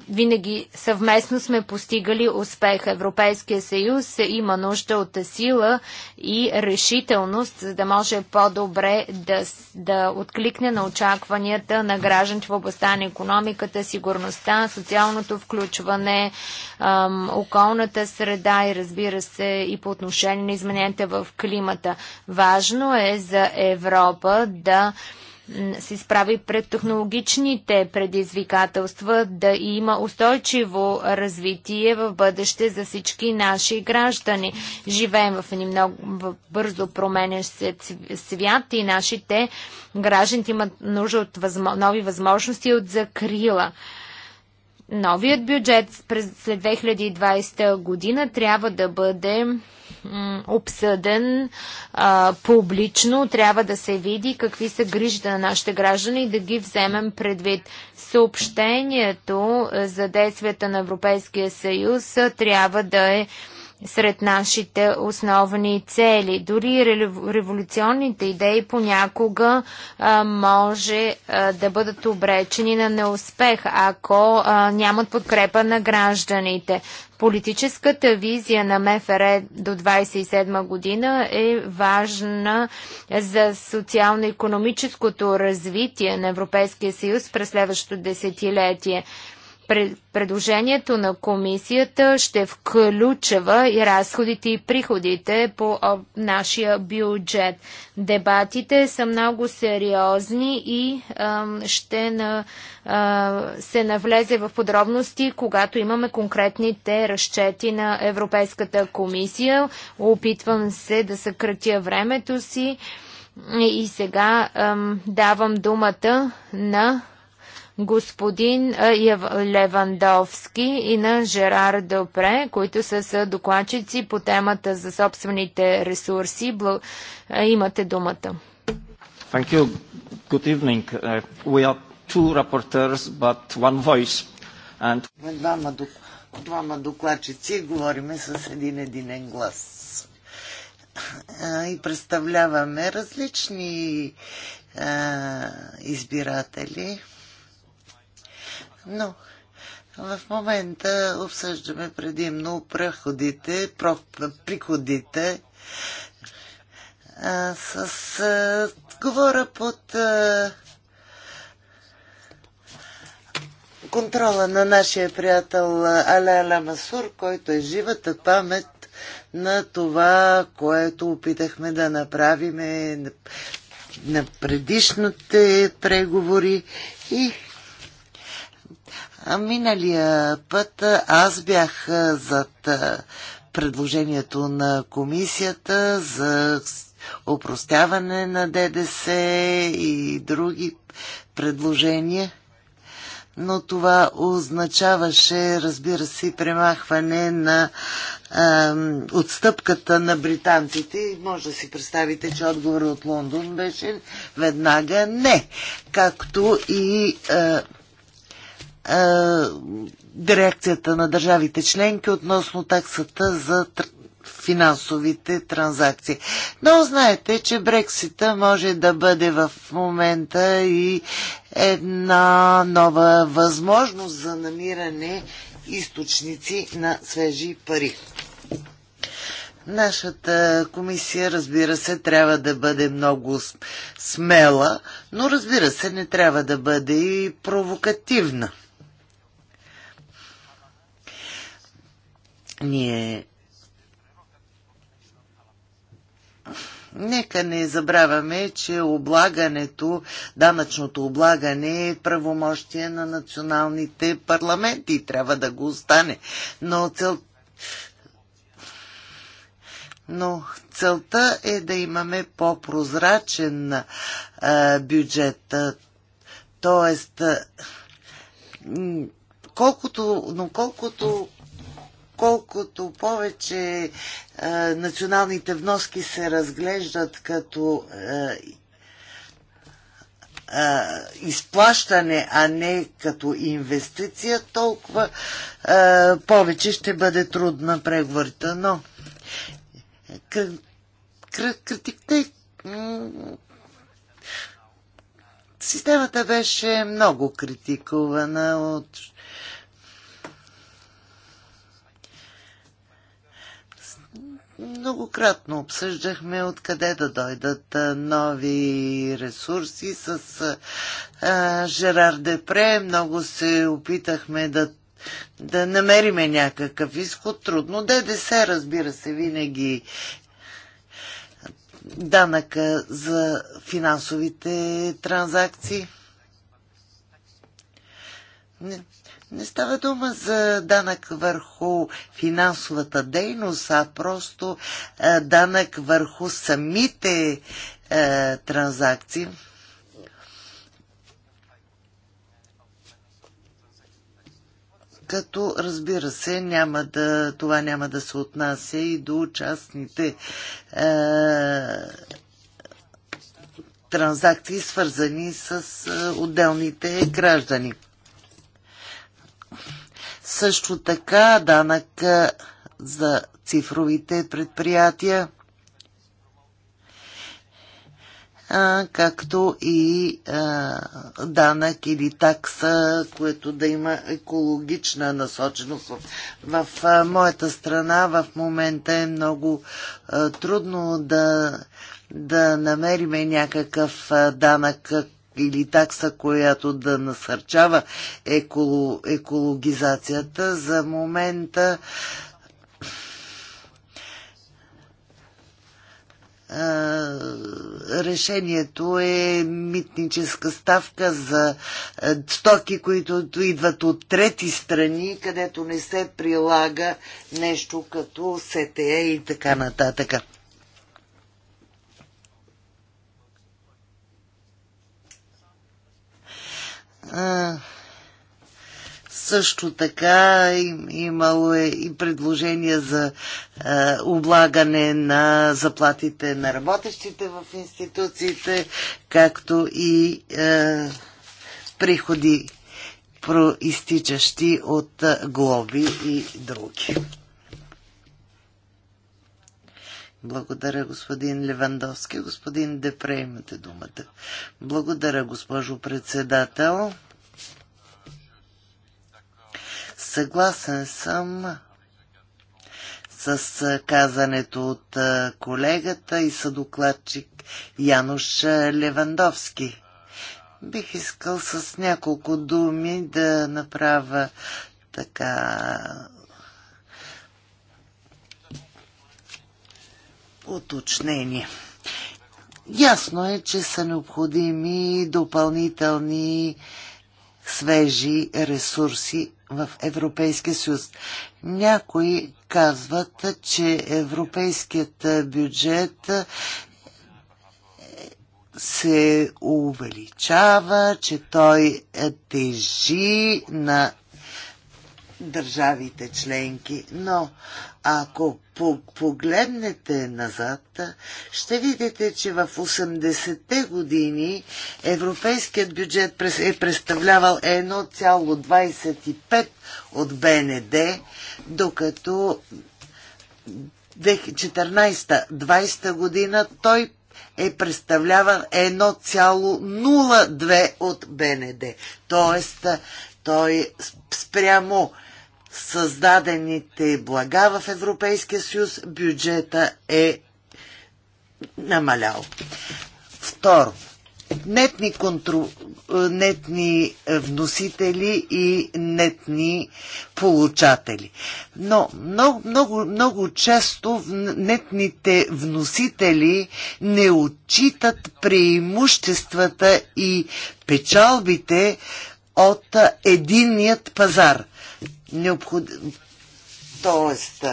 винаги съвместно сме постигали успех. Европейския съюз има нужда от сила и решителност, за да може по-добре да, да откликне на очакванията на гражданите в областта на економиката, сигурността, социалното включване, ем, околната среда и разбира се и по отношение на измененията в климата. Важно е за Европа да се справи пред технологичните предизвикателства, да има устойчиво развитие в бъдеще за всички наши граждани. Живеем в един много бързо променящ се свят и нашите граждани имат нужда от възмо... нови възможности от закрила. Новият бюджет през след 2020 година трябва да бъде обсъден а, публично. Трябва да се види какви са грижите на нашите граждани и да ги вземем предвид. Съобщението за действията на Европейския съюз трябва да е сред нашите основни цели. Дори революционните идеи понякога а, може а, да бъдат обречени на неуспех, ако а, нямат подкрепа на гражданите. Политическата визия на МФР е до 27 година е важна за социално-економическото развитие на Европейския съюз през следващото десетилетие. Предложението на комисията ще включва и разходите и приходите по нашия бюджет. Дебатите са много сериозни и ще се навлезе в подробности, когато имаме конкретните разчети на Европейската комисия. Опитвам се да съкратя времето си и сега давам думата на господин Левандовски и на Жерар Допре, които са докладчици по темата за собствените ресурси. Имате думата. Thank you. Good evening. Uh, we are two but one voice. And... Двама, док... двама докладчици говориме с един единен глас. и представляваме различни избиратели. Но в момента обсъждаме предимно проходите, приходите а, с а, говоря под а, контрола на нашия приятел Аляля Масур, който е живата памет на това, което опитахме да направим на предишните преговори и Миналия път аз бях зад предложението на комисията за опростяване на ДДС и други предложения, но това означаваше, разбира се, премахване на ам, отстъпката на британците. Може да си представите, че отговор от Лондон беше веднага не, както и а, е, дирекцията на държавите членки относно таксата за финансовите транзакции. Но знаете, че Брексита може да бъде в момента и една нова възможност за намиране източници на свежи пари. Нашата комисия, разбира се, трябва да бъде много смела, но разбира се, не трябва да бъде и провокативна. Ние Нека не забравяме, че облагането, данъчното облагане е правомощие на националните парламенти и трябва да го остане. Но, цел... Но целта е да имаме по-прозрачен бюджет. Тоест, колкото, но колкото колкото повече а, е, националните вноски се разглеждат като а, е, а, е, изплащане, а не като инвестиция, толкова а, повече ще бъде трудна преговорите. Но критикте Системата беше много критикувана от Многократно обсъждахме откъде да дойдат нови ресурси с а, Жерар Депре. Много се опитахме да, да намериме някакъв изход. Трудно. ДДС, разбира се, винаги данъка за финансовите транзакции. Не. Не става дума за данък върху финансовата дейност, а просто е, данък върху самите е, транзакции. като разбира се няма да, това няма да се отнася и до частните е, транзакции, свързани с е, отделните граждани. Също така данък за цифровите предприятия, както и данък или такса, което да има екологична насоченост. В моята страна в момента е много трудно да да намериме някакъв данък, или такса, която да насърчава еколо, екологизацията. За момента решението е митническа ставка за стоки, които идват от трети страни, където не се прилага нещо като СТЕ и така нататък. А, също така им, имало е и предложения за а, облагане на заплатите на работещите в институциите, както и а, приходи проистичащи от глоби и други. Благодаря, господин Левандовски. Господин Депре, имате думата. Благодаря, госпожо председател. Съгласен съм с казането от колегата и съдокладчик Януш Левандовски. Бих искал с няколко думи да направя така уточнение. Ясно е, че са необходими допълнителни свежи ресурси в Европейския съюз. Някои казват, че европейският бюджет се увеличава, че той тежи на държавите членки. Но ако погледнете назад, ще видите, че в 80-те години европейският бюджет е представлявал 1,25 от БНД, докато 2014-2020 година той е представляван 1,02 от БНД. Тоест, той спрямо създадените блага в Европейския съюз, бюджета е намалял. Второ, нетни, контру... Е, нетни вносители и нетни получатели. Но много, много, много често нетните вносители не отчитат преимуществата и печалбите от единният пазар необходимо. Тоест,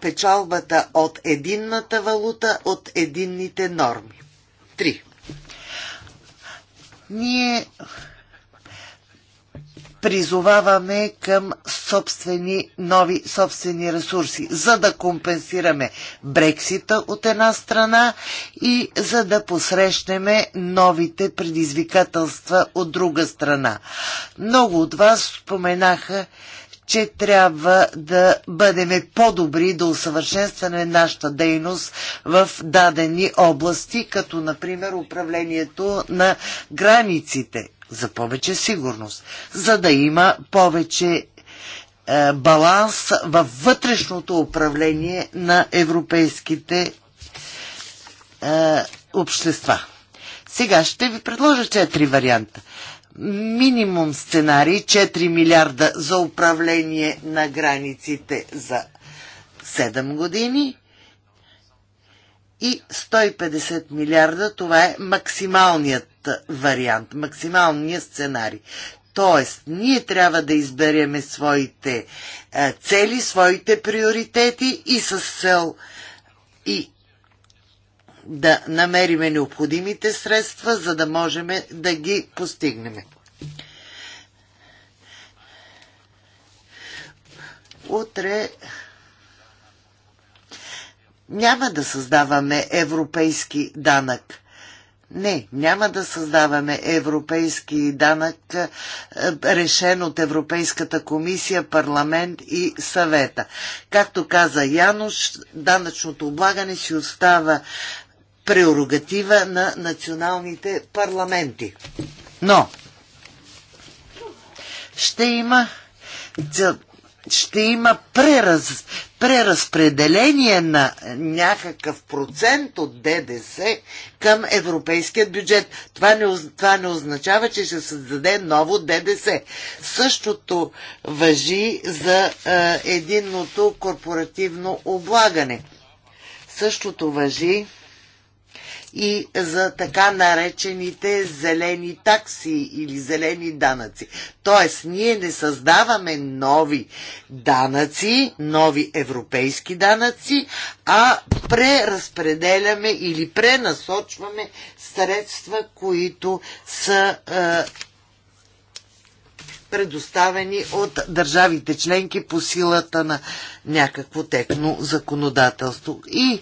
печалбата от единната валута от единните норми. Три. Ние призоваваме към собствени, нови собствени ресурси, за да компенсираме Брексита от една страна и за да посрещнеме новите предизвикателства от друга страна. Много от вас споменаха, че трябва да бъдем по-добри, да усъвършенстваме нашата дейност в дадени области, като например управлението на границите за повече сигурност, за да има повече е, баланс във вътрешното управление на европейските е, общества. Сега ще ви предложа четири варианта. Минимум сценарий 4 милиарда за управление на границите за 7 години и 150 милиарда, това е максималният вариант, максималния сценарий. Тоест, ние трябва да избереме своите е, цели, своите приоритети и с цел и да намериме необходимите средства, за да можем да ги постигнем. Утре няма да създаваме европейски данък – не, няма да създаваме европейски данък, е, решен от Европейската комисия, парламент и съвета. Както каза Януш, данъчното облагане си остава прерогатива на националните парламенти. Но ще има ще има прераз, преразпределение на някакъв процент от ДДС към европейският бюджет. Това не, това не означава, че ще създаде ново ДДС. Същото въжи за е, единното корпоративно облагане. Същото въжи и за така наречените зелени такси или зелени данъци. Тоест, ние не създаваме нови данъци, нови европейски данъци, а преразпределяме или пренасочваме средства, които са е, предоставени от държавите членки по силата на някакво техно законодателство. И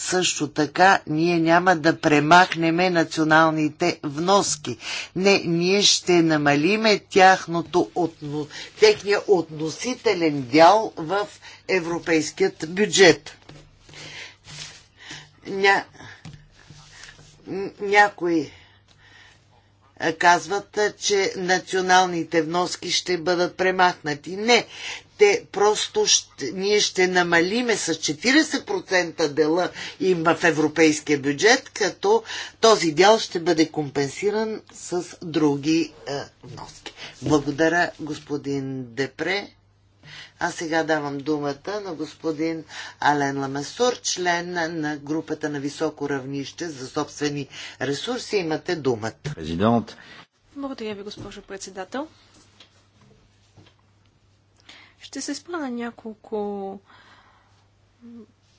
също така ние няма да премахнеме националните вноски. Не, ние ще намалиме тяхното, отно, техния относителен дял в европейският бюджет. Ня... Някои казват, че националните вноски ще бъдат премахнати. Не, те просто ще, ние ще намалиме с 40% дела им в европейския бюджет, като този дял ще бъде компенсиран с други е, вноски. Благодаря, господин Депре. А сега давам думата на господин Ален Ламесур, член на групата на високо равнище за собствени ресурси. Имате думата. Президент. Благодаря ви, госпожо председател. Ще се спра на няколко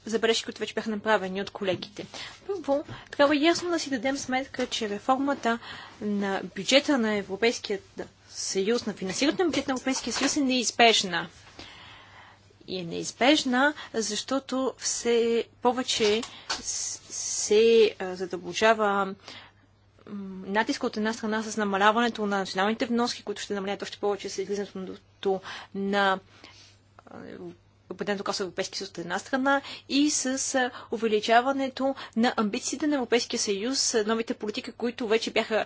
забележки, които вече бяха направени от колегите. Първо, трябва ясно да си дадем сметка, че реформата на бюджета на Европейския съюз, на финансирането на бюджета на Европейския съюз е неизбежна. И е неизбежна, защото все повече се задълбочава натиска от една страна с намаляването на националните вноски, които ще намалят още повече с излизането на е, обедено кралство Европейски съюз от една страна и с е, увеличаването на амбициите на Европейския съюз, е, новите политики, които вече бяха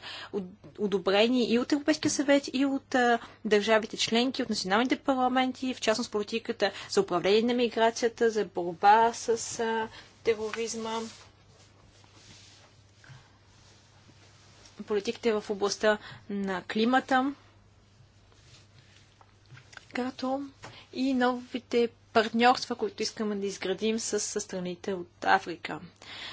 одобрени и от Европейския съвет, и от държавите членки, от националните парламенти, в частност политиката за управление на миграцията, за борба с тероризма политиките в областта на климата, като и новите партньорства, които искаме да изградим с страните от Африка.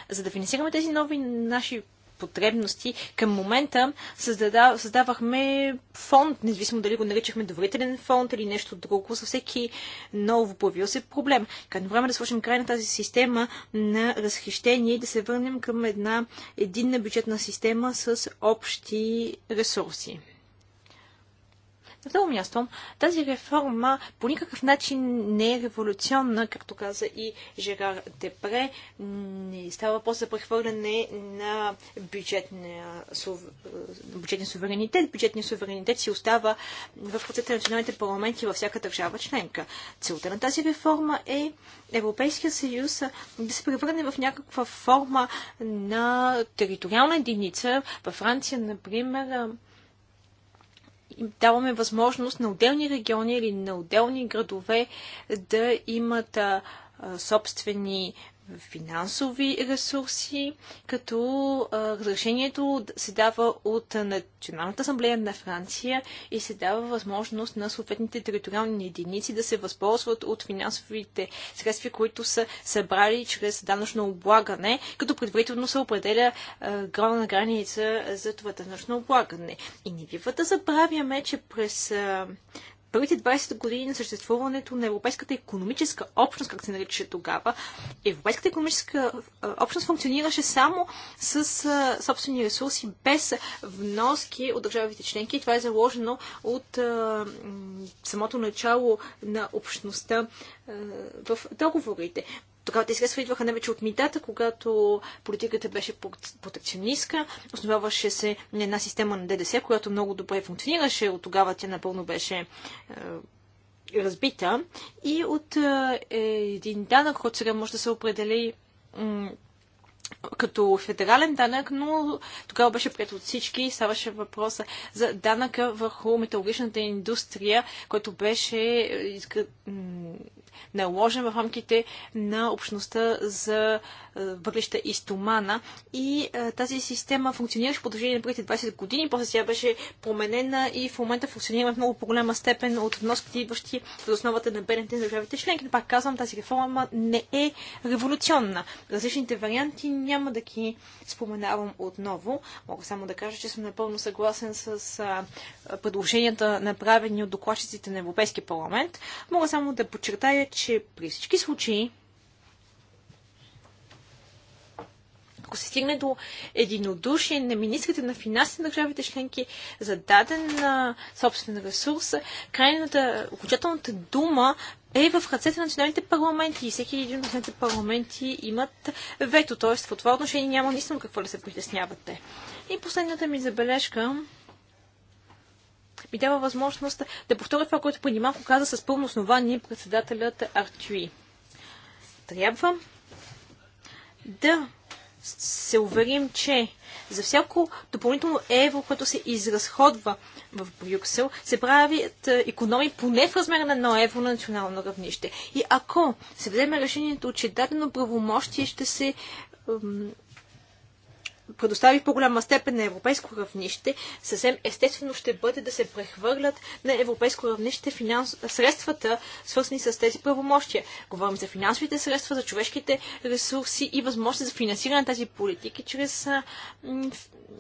За да финансираме тези нови наши потребности. Към момента създада, създавахме фонд, независимо дали го наричахме доверителен фонд или нещо друго, за всеки ново появил се проблем. Крайно време е да сложим край на тази система на разхищение и да се върнем към една единна бюджетна система с общи ресурси. На второ място, тази реформа по никакъв начин не е революционна, както каза и Жерар Депре. Не става въпрос за прехвърляне на бюджетния, бюджетния суверенитет. Бюджетния суверенитет си остава в процеса на националните парламенти във всяка държава членка. Целта на тази реформа е Европейския съюз да се превърне в някаква форма на териториална единица. Във Франция, например, даваме възможност на отделни региони или на отделни градове да имат собствени финансови ресурси, като разрешението се дава от Националната асамблея на Франция и се дава възможност на съответните териториални единици да се възползват от финансовите средства, които са събрали чрез данъчно облагане, като предварително се определя главна граница за това данъчно облагане. И не бива да забравяме, че през първите 20 години на съществуването на Европейската економическа общност, как се наричаше тогава, Европейската економическа общност функционираше само с собствени ресурси, без вноски от държавите членки. И това е заложено от самото начало на общността в договорите. Тогава те средства идваха най вече от митата, когато политиката беше протекционистка, основаваше се на една система на ДДС, която много добре функционираше, от тогава тя напълно беше е, разбита. И от е, един данък, който сега може да се определи като федерален данък, но тогава беше прият от всички. Ставаше въпроса за данъка върху металогичната индустрия, който беше е, наложен в рамките на общността за е, въглища и стомана. И е, тази система функционираше в продължение на преди 20 години, после сега беше променена и в момента функционира в много по-голяма степен от вноските, идващи в основата на бедните на държавите членки. Но пак казвам, тази реформа не е революционна. Различните варианти няма да ги споменавам отново. Мога само да кажа, че съм напълно съгласен с предложенията, направени от докладчиците на Европейския парламент. Мога само да подчертая, че при всички случаи, ако се стигне до единодушие на министрите на финансите на държавите членки за даден собствен ресурс, крайната, окончателната дума е в ръцете на националните парламенти и всеки един от националните парламенти имат вето, т.е. в това отношение няма нищо какво да се притеснявате. И последната ми забележка ми дава възможност да повторя това, което преди малко каза с пълно основание председателят Артюи. Трябва да се уверим, че за всяко допълнително евро, което се изразходва в Брюксел, се правят економии поне в размера на 1 евро на национално равнище. И ако се вземе решението, че дадено правомощие ще се предостави в по-голяма степен на европейско равнище, съвсем естествено ще бъде да се прехвърлят на европейско равнище финанс... средствата, свързани с тези правомощия. Говорим за финансовите средства, за човешките ресурси и възможности за финансиране на тези политики чрез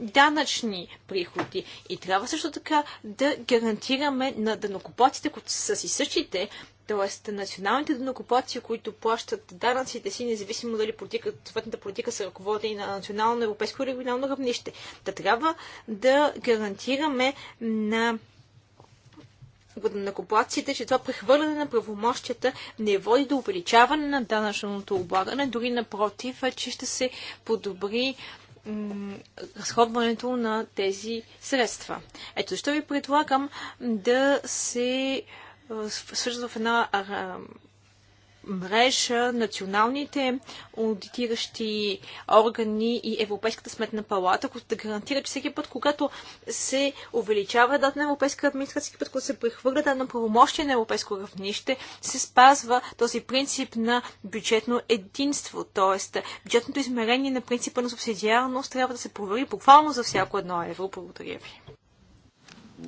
данъчни приходи. И трябва също така да гарантираме на данокоплатите, които са си същите, Тоест, националните данокопаци, които плащат данъците си, независимо дали политика, съответната политика се ръководи на национално, европейско и регионално равнище. Да трябва да гарантираме на на че това прехвърляне на правомощията не води до увеличаване на данъчното облагане, дори напротив, че ще се подобри разходването на тези средства. Ето защо ви предлагам да се свързва в една мрежа националните аудитиращи органи и Европейската сметна палата, които да гарантира, че всеки път, когато се увеличава дата на Европейска администрация, всеки път, когато се прехвърля дата на правомощие на европейско равнище, се спазва този принцип на бюджетно единство. Тоест, бюджетното измерение на принципа на субсидиарност трябва да се провери буквално за всяко едно евро. Благодаря ви.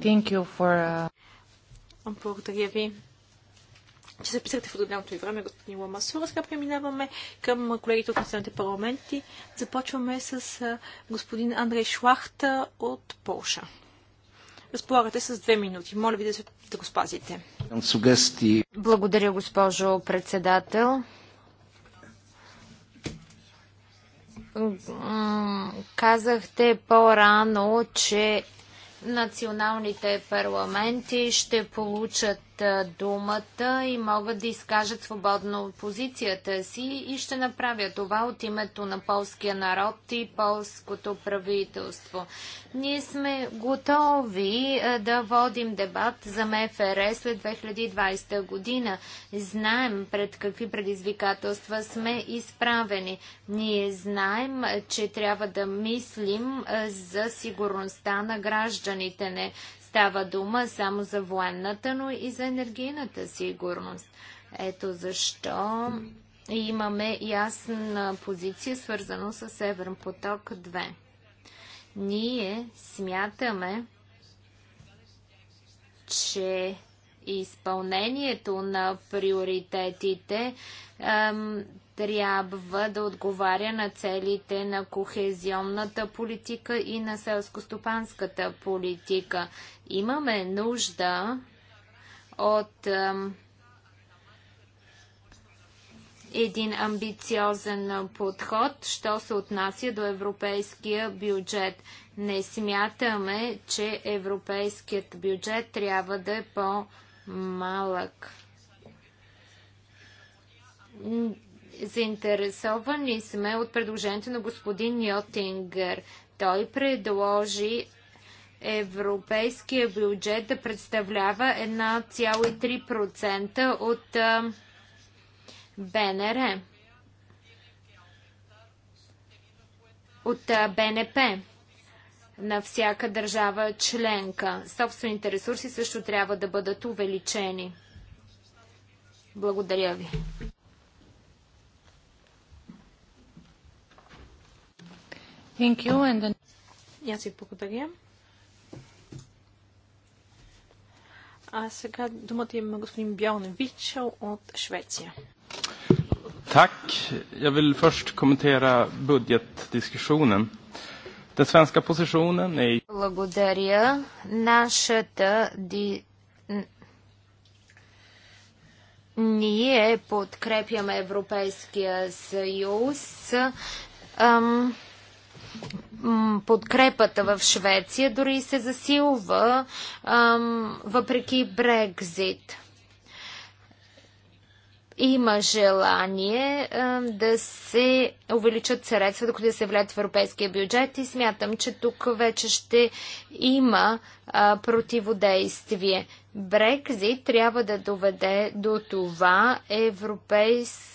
Thank you for, uh... Благодаря ви че записахте в отделеното ви време, господин Ламасура. Сега преминаваме към колегите от националните парламенти. Започваме с господин Андрей Шлахта от Полша. Разполагате с две минути. Моля ви да, да го спазите. Благодаря, госпожо председател. Казахте по-рано, че националните парламенти ще получат думата и могат да изкажат свободно позицията си и ще направя това от името на полския народ и полското правителство. Ние сме готови да водим дебат за МФР след 2020 година. Знаем пред какви предизвикателства сме изправени. Ние знаем, че трябва да мислим за сигурността на гражданите. Не става дума само за военната, но и за енергийната сигурност. Ето защо имаме ясна позиция, свързано с Северен поток 2. Ние смятаме, че изпълнението на приоритетите трябва да отговаря на целите на кохезионната политика и на селскостопанската политика. Имаме нужда от един амбициозен подход, що се отнася до европейския бюджет. Не смятаме, че европейският бюджет трябва да е по-малък Заинтересовани сме от предложението на господин Йотингър. Той предложи европейския бюджет да представлява 1,3% от БНР. От БНП на всяка държава членка. Собствените ресурси също трябва да бъдат увеличени. Благодаря ви. Thank you and then... Аз ви благодаря. А сега думата има господин Бjörn Вичел от Швеция. Tack. Jag vill först kommentera budgetdiskussionen. Den svenska positionen är... Благодаря. Нашата ди... Ние подкрепяме Европейския съюз. Ам подкрепата в Швеция дори се засилва ам, въпреки Брекзит. Има желание ам, да се увеличат средства, докато да се влят в европейския бюджет и смятам, че тук вече ще има а, противодействие. Брекзит трябва да доведе до това европейски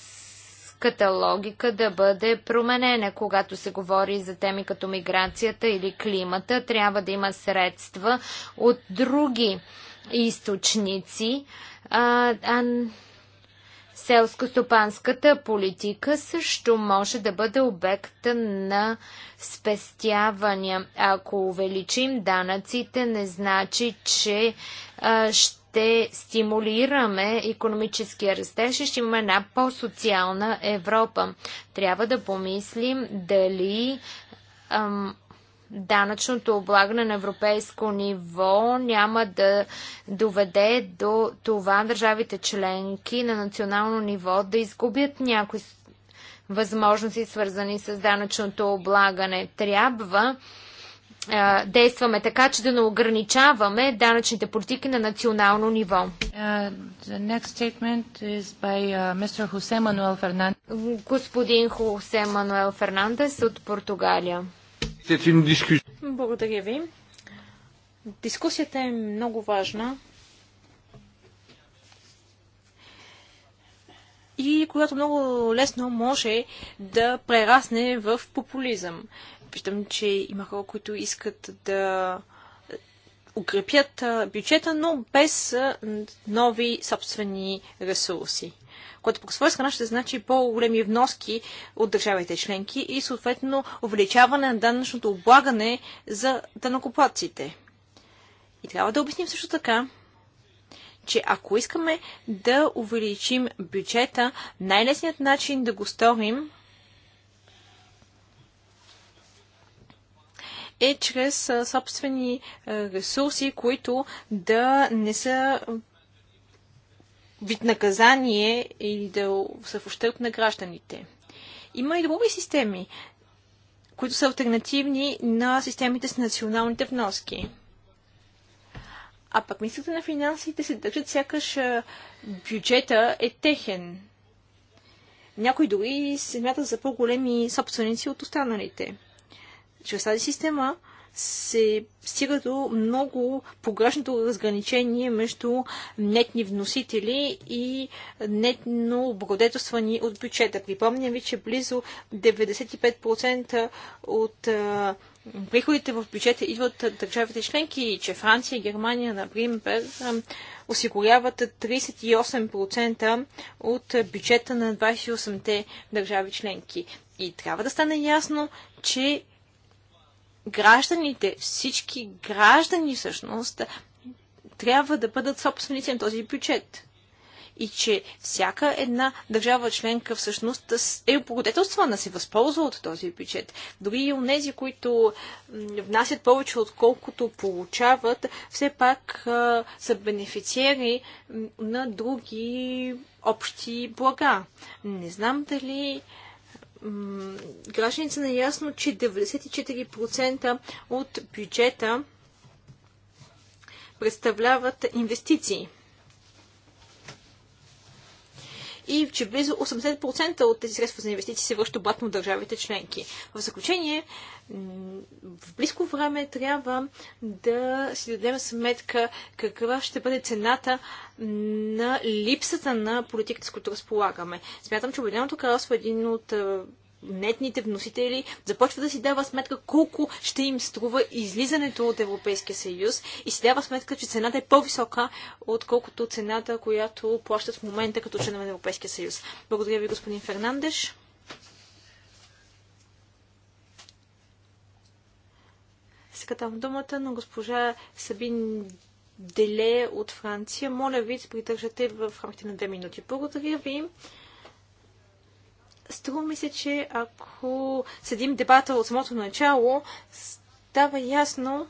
логика да бъде променена. Когато се говори за теми като миграцията или климата, трябва да има средства от други източници. А, а селско-стопанската политика също може да бъде обект на спестявания. Ако увеличим данъците, не значи, че а, ще ще стимулираме економическия растеж и ще имаме една по-социална Европа. Трябва да помислим дали ам, данъчното облагане на европейско ниво няма да доведе до това държавите членки на национално ниво да изгубят някои възможности, свързани с данъчното облагане. Трябва действаме така, че да не ограничаваме данъчните политики на национално ниво. Uh, uh, Господин Хосе Мануел Фернандес от Португалия. Благодаря ви. Дискусията е много важна. И която много лесно може да прерасне в популизъм. Виждам, че има хора, които искат да укрепят бюджета, но без нови собствени ресурси което по своя страна ще значи по-големи вноски от държавите членки и съответно увеличаване на данъчното облагане за данокоплаците. И трябва да обясним също така, че ако искаме да увеличим бюджета, най-лесният начин да го сторим е чрез собствени ресурси, които да не са вид наказание или да са в ущърп на гражданите. Има и други системи, които са альтернативни на системите с националните вноски. А пък мислите на финансите се държат сякаш бюджета е техен. някой дори се мятат за по-големи собственици от останалите чрез тази система се стига до много погрешното разграничение между нетни вносители и нетно благодетелствани от бюджета. Припомням ви, че близо 95% от а, приходите в бюджета идват от държавите членки и че Франция и Германия, например, осигуряват 38% от бюджета на 28-те държави членки. И трябва да стане ясно, че гражданите, всички граждани всъщност, трябва да бъдат собственици на този бюджет. И че всяка една държава членка всъщност е облагодетелствана, се възползва от този бюджет. Дори и онези, които внасят повече отколкото получават, все пак а, са бенефициери на други общи блага. Не знам дали а, гражданите са наясно, че 94% от бюджета представляват инвестиции. и че близо 80% от тези средства за инвестиции се връщат обратно от държавите членки. В заключение, в близко време трябва да си дадем сметка каква ще бъде цената на липсата на политиката, с която разполагаме. Смятам, че Обединеното кралство е един от е, нетните вносители започва да си дава сметка колко ще им струва излизането от Европейския съюз и си дава сметка, че цената е по-висока, отколкото цената, която плащат в момента като членове на Европейския съюз. Благодаря ви, господин Фернандеш. Сега там думата на госпожа Сабин Деле от Франция. Моля ви, се придържате в рамките на две минути. Благодаря ви. Струва ми се, че ако следим дебата от самото начало, става ясно,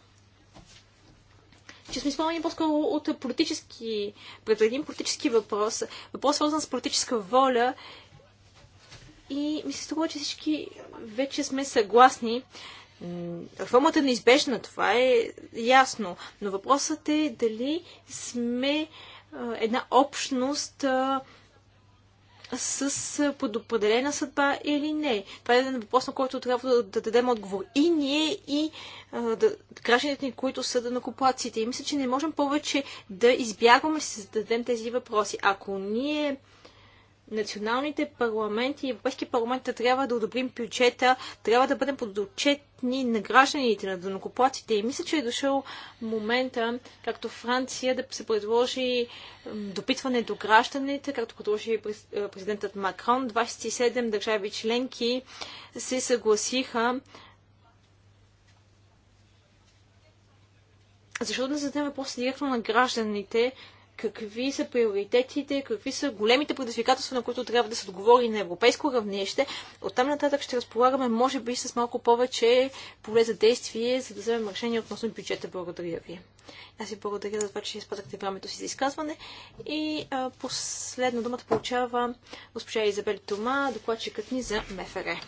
че сме изпълнени по-скоро от политически, пред един политически въпрос, въпрос свързан с политическа воля и ми се струва, че всички вече сме съгласни. Реформата е неизбежна, това е ясно, но въпросът е дали сме една общност с подопределена съдба или не? Това е един въпрос, на който трябва да, да дадем отговор и ние, и да, гражданите ни, които са данокоплаците. И мисля, че не можем повече да избягваме да зададем тези въпроси. Ако ние националните парламенти и Европейски парламент трябва да одобрим бюджета, трябва да бъдем подотчетни на гражданите, на донокоплаците. И мисля, че е дошъл момента, както Франция, да се предложи допитване до гражданите, както предложи президентът Макрон. 27 държави членки се съгласиха Защото да зададем въпроса директно на гражданите, какви са приоритетите, какви са големите предизвикателства, на които трябва да се отговори на европейско равнище. Оттам нататък ще разполагаме, може би, с малко повече поле за действие, за да вземем решение относно бюджета. Благодаря ви. Аз ви благодаря за това, че изпадахте времето си за изказване. И а, последна думата получава госпожа Изабел Тома, докладчикът ни за МФР.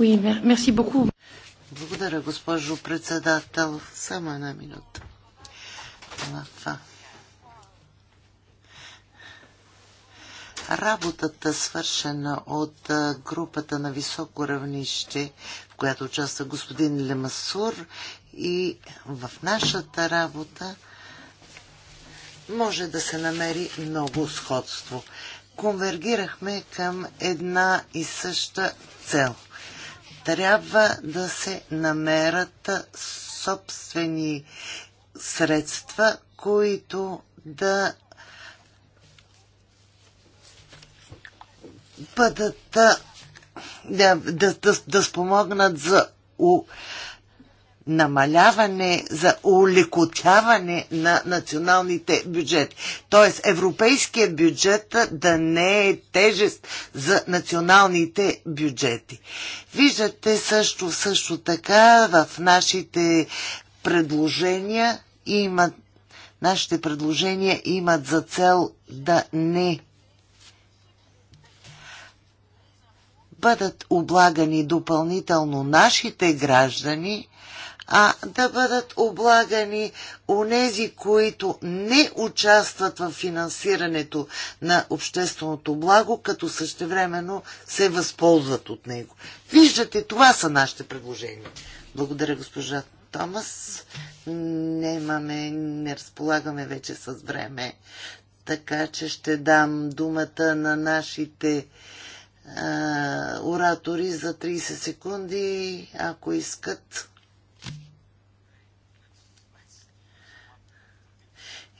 Oui, merci Благодаря, госпожо председател. Само една минута. Това Работата, свършена от групата на високо равнище, в която участва господин Лемасур и в нашата работа, може да се намери много сходство. Конвергирахме към една и съща цел. Трябва да се намерят собствени средства, които да бъдат да, да, да, да спомогнат за у, намаляване, за улекотяване на националните бюджети. Тоест европейския бюджет да не е тежест за националните бюджети. Виждате също, също така в нашите предложения имат нашите предложения имат за цел да не бъдат облагани допълнително нашите граждани, а да бъдат облагани онези, които не участват в финансирането на общественото благо, като същевременно се възползват от него. Виждате, това са нашите предложения. Благодаря, госпожа Томас. Немаме, не разполагаме вече с време, така че ще дам думата на нашите е, оратори за 30 секунди, ако искат.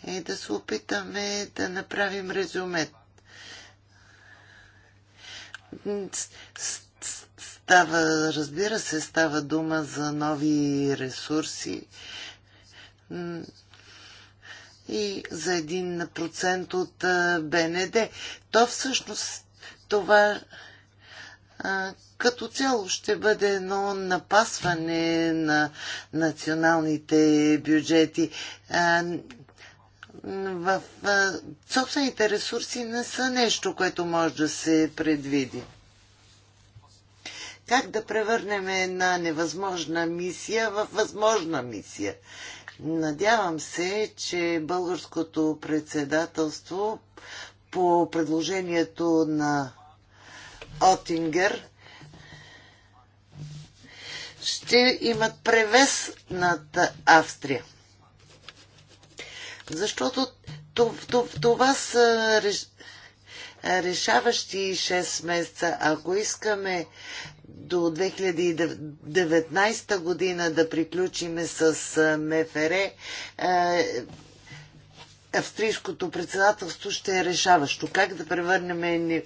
Е да се опитаме да направим резюме. Става, разбира се, става дума за нови ресурси и за един процент от е, БНД. То всъщност това като цяло ще бъде едно напасване на националните бюджети. В собствените ресурси не са нещо, което може да се предвиди. Как да превърнем една невъзможна мисия в възможна мисия? Надявам се, че българското председателство по предложението на Отингер ще имат превес над Австрия. Защото това са решаващи 6 месеца. Ако искаме до 2019 година да приключиме с МФР, австрийското председателство ще е решаващо. Как да превърнем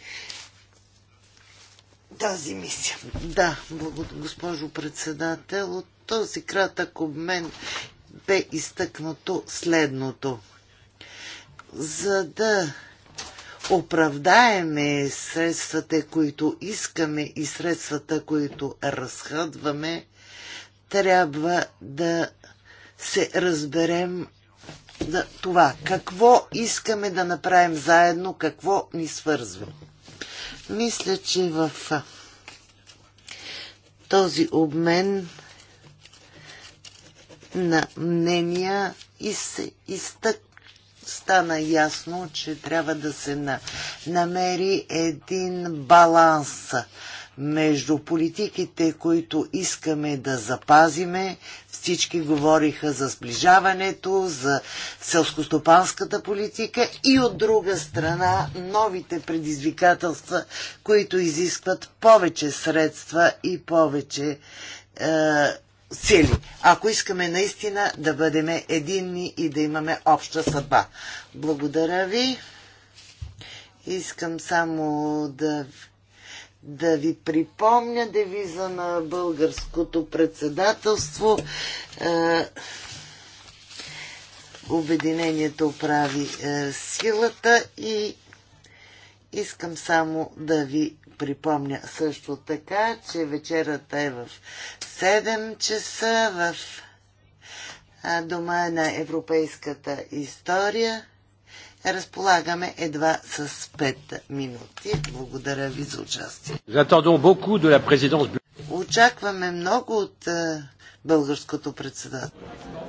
тази мисия? Да, благодаря, госпожо председател. От този кратък обмен бе изтъкнато следното. За да оправдаеме средствата, които искаме и средствата, които разходваме, трябва да се разберем за това какво искаме да направим заедно, какво ни свързва. Мисля, че в този обмен на мнения и се изтък стана ясно, че трябва да се на, намери един баланс между политиките, които искаме да запазиме. Всички говориха за сближаването, за селскостопанската политика и от друга страна новите предизвикателства, които изискват повече средства и повече е, цели. Ако искаме наистина да бъдем единни и да имаме обща съдба. Благодаря ви. Искам само да да ви припомня девиза на българското председателство. Е, обединението прави е, силата и искам само да ви припомня също така, че вечерата е в 7 часа в е, Дома на европейската история разполагаме едва с 5 минути. Благодаря ви за участие. Очакваме много от е, българското председателство.